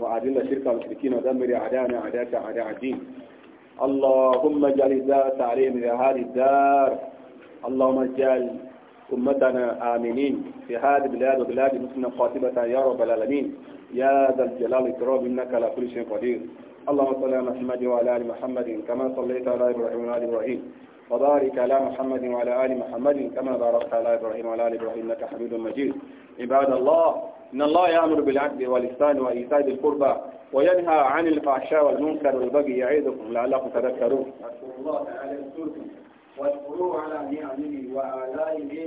wa adilla shirka wal mushrikin wa dammir a'dana a'daka a'da' ad-din اللهم اجعل الدار عليهم من هذه الدار اللهم اجعل أمتنا آمنين في هذه البلاد وبلاد مسلمة قاتبة يا رب العالمين يا ذا الجلال والإكرام إنك على كل شيء قدير اللهم صل على محمد وعلى آل محمد كما صليت على إبراهيم وعلى آل إبراهيم وبارك على محمد وعلى آل محمد كما باركت على إبراهيم وعلى آل إبراهيم إنك حميد مجيد عباد الله إن الله يأمر بالعدل والإحسان وإيتاء ذي القربى وينهى عن الفحشاء والمنكر والبغي يعظكم لعلكم تذكرون. الله تعالى واذكروا على نعمه وآلائه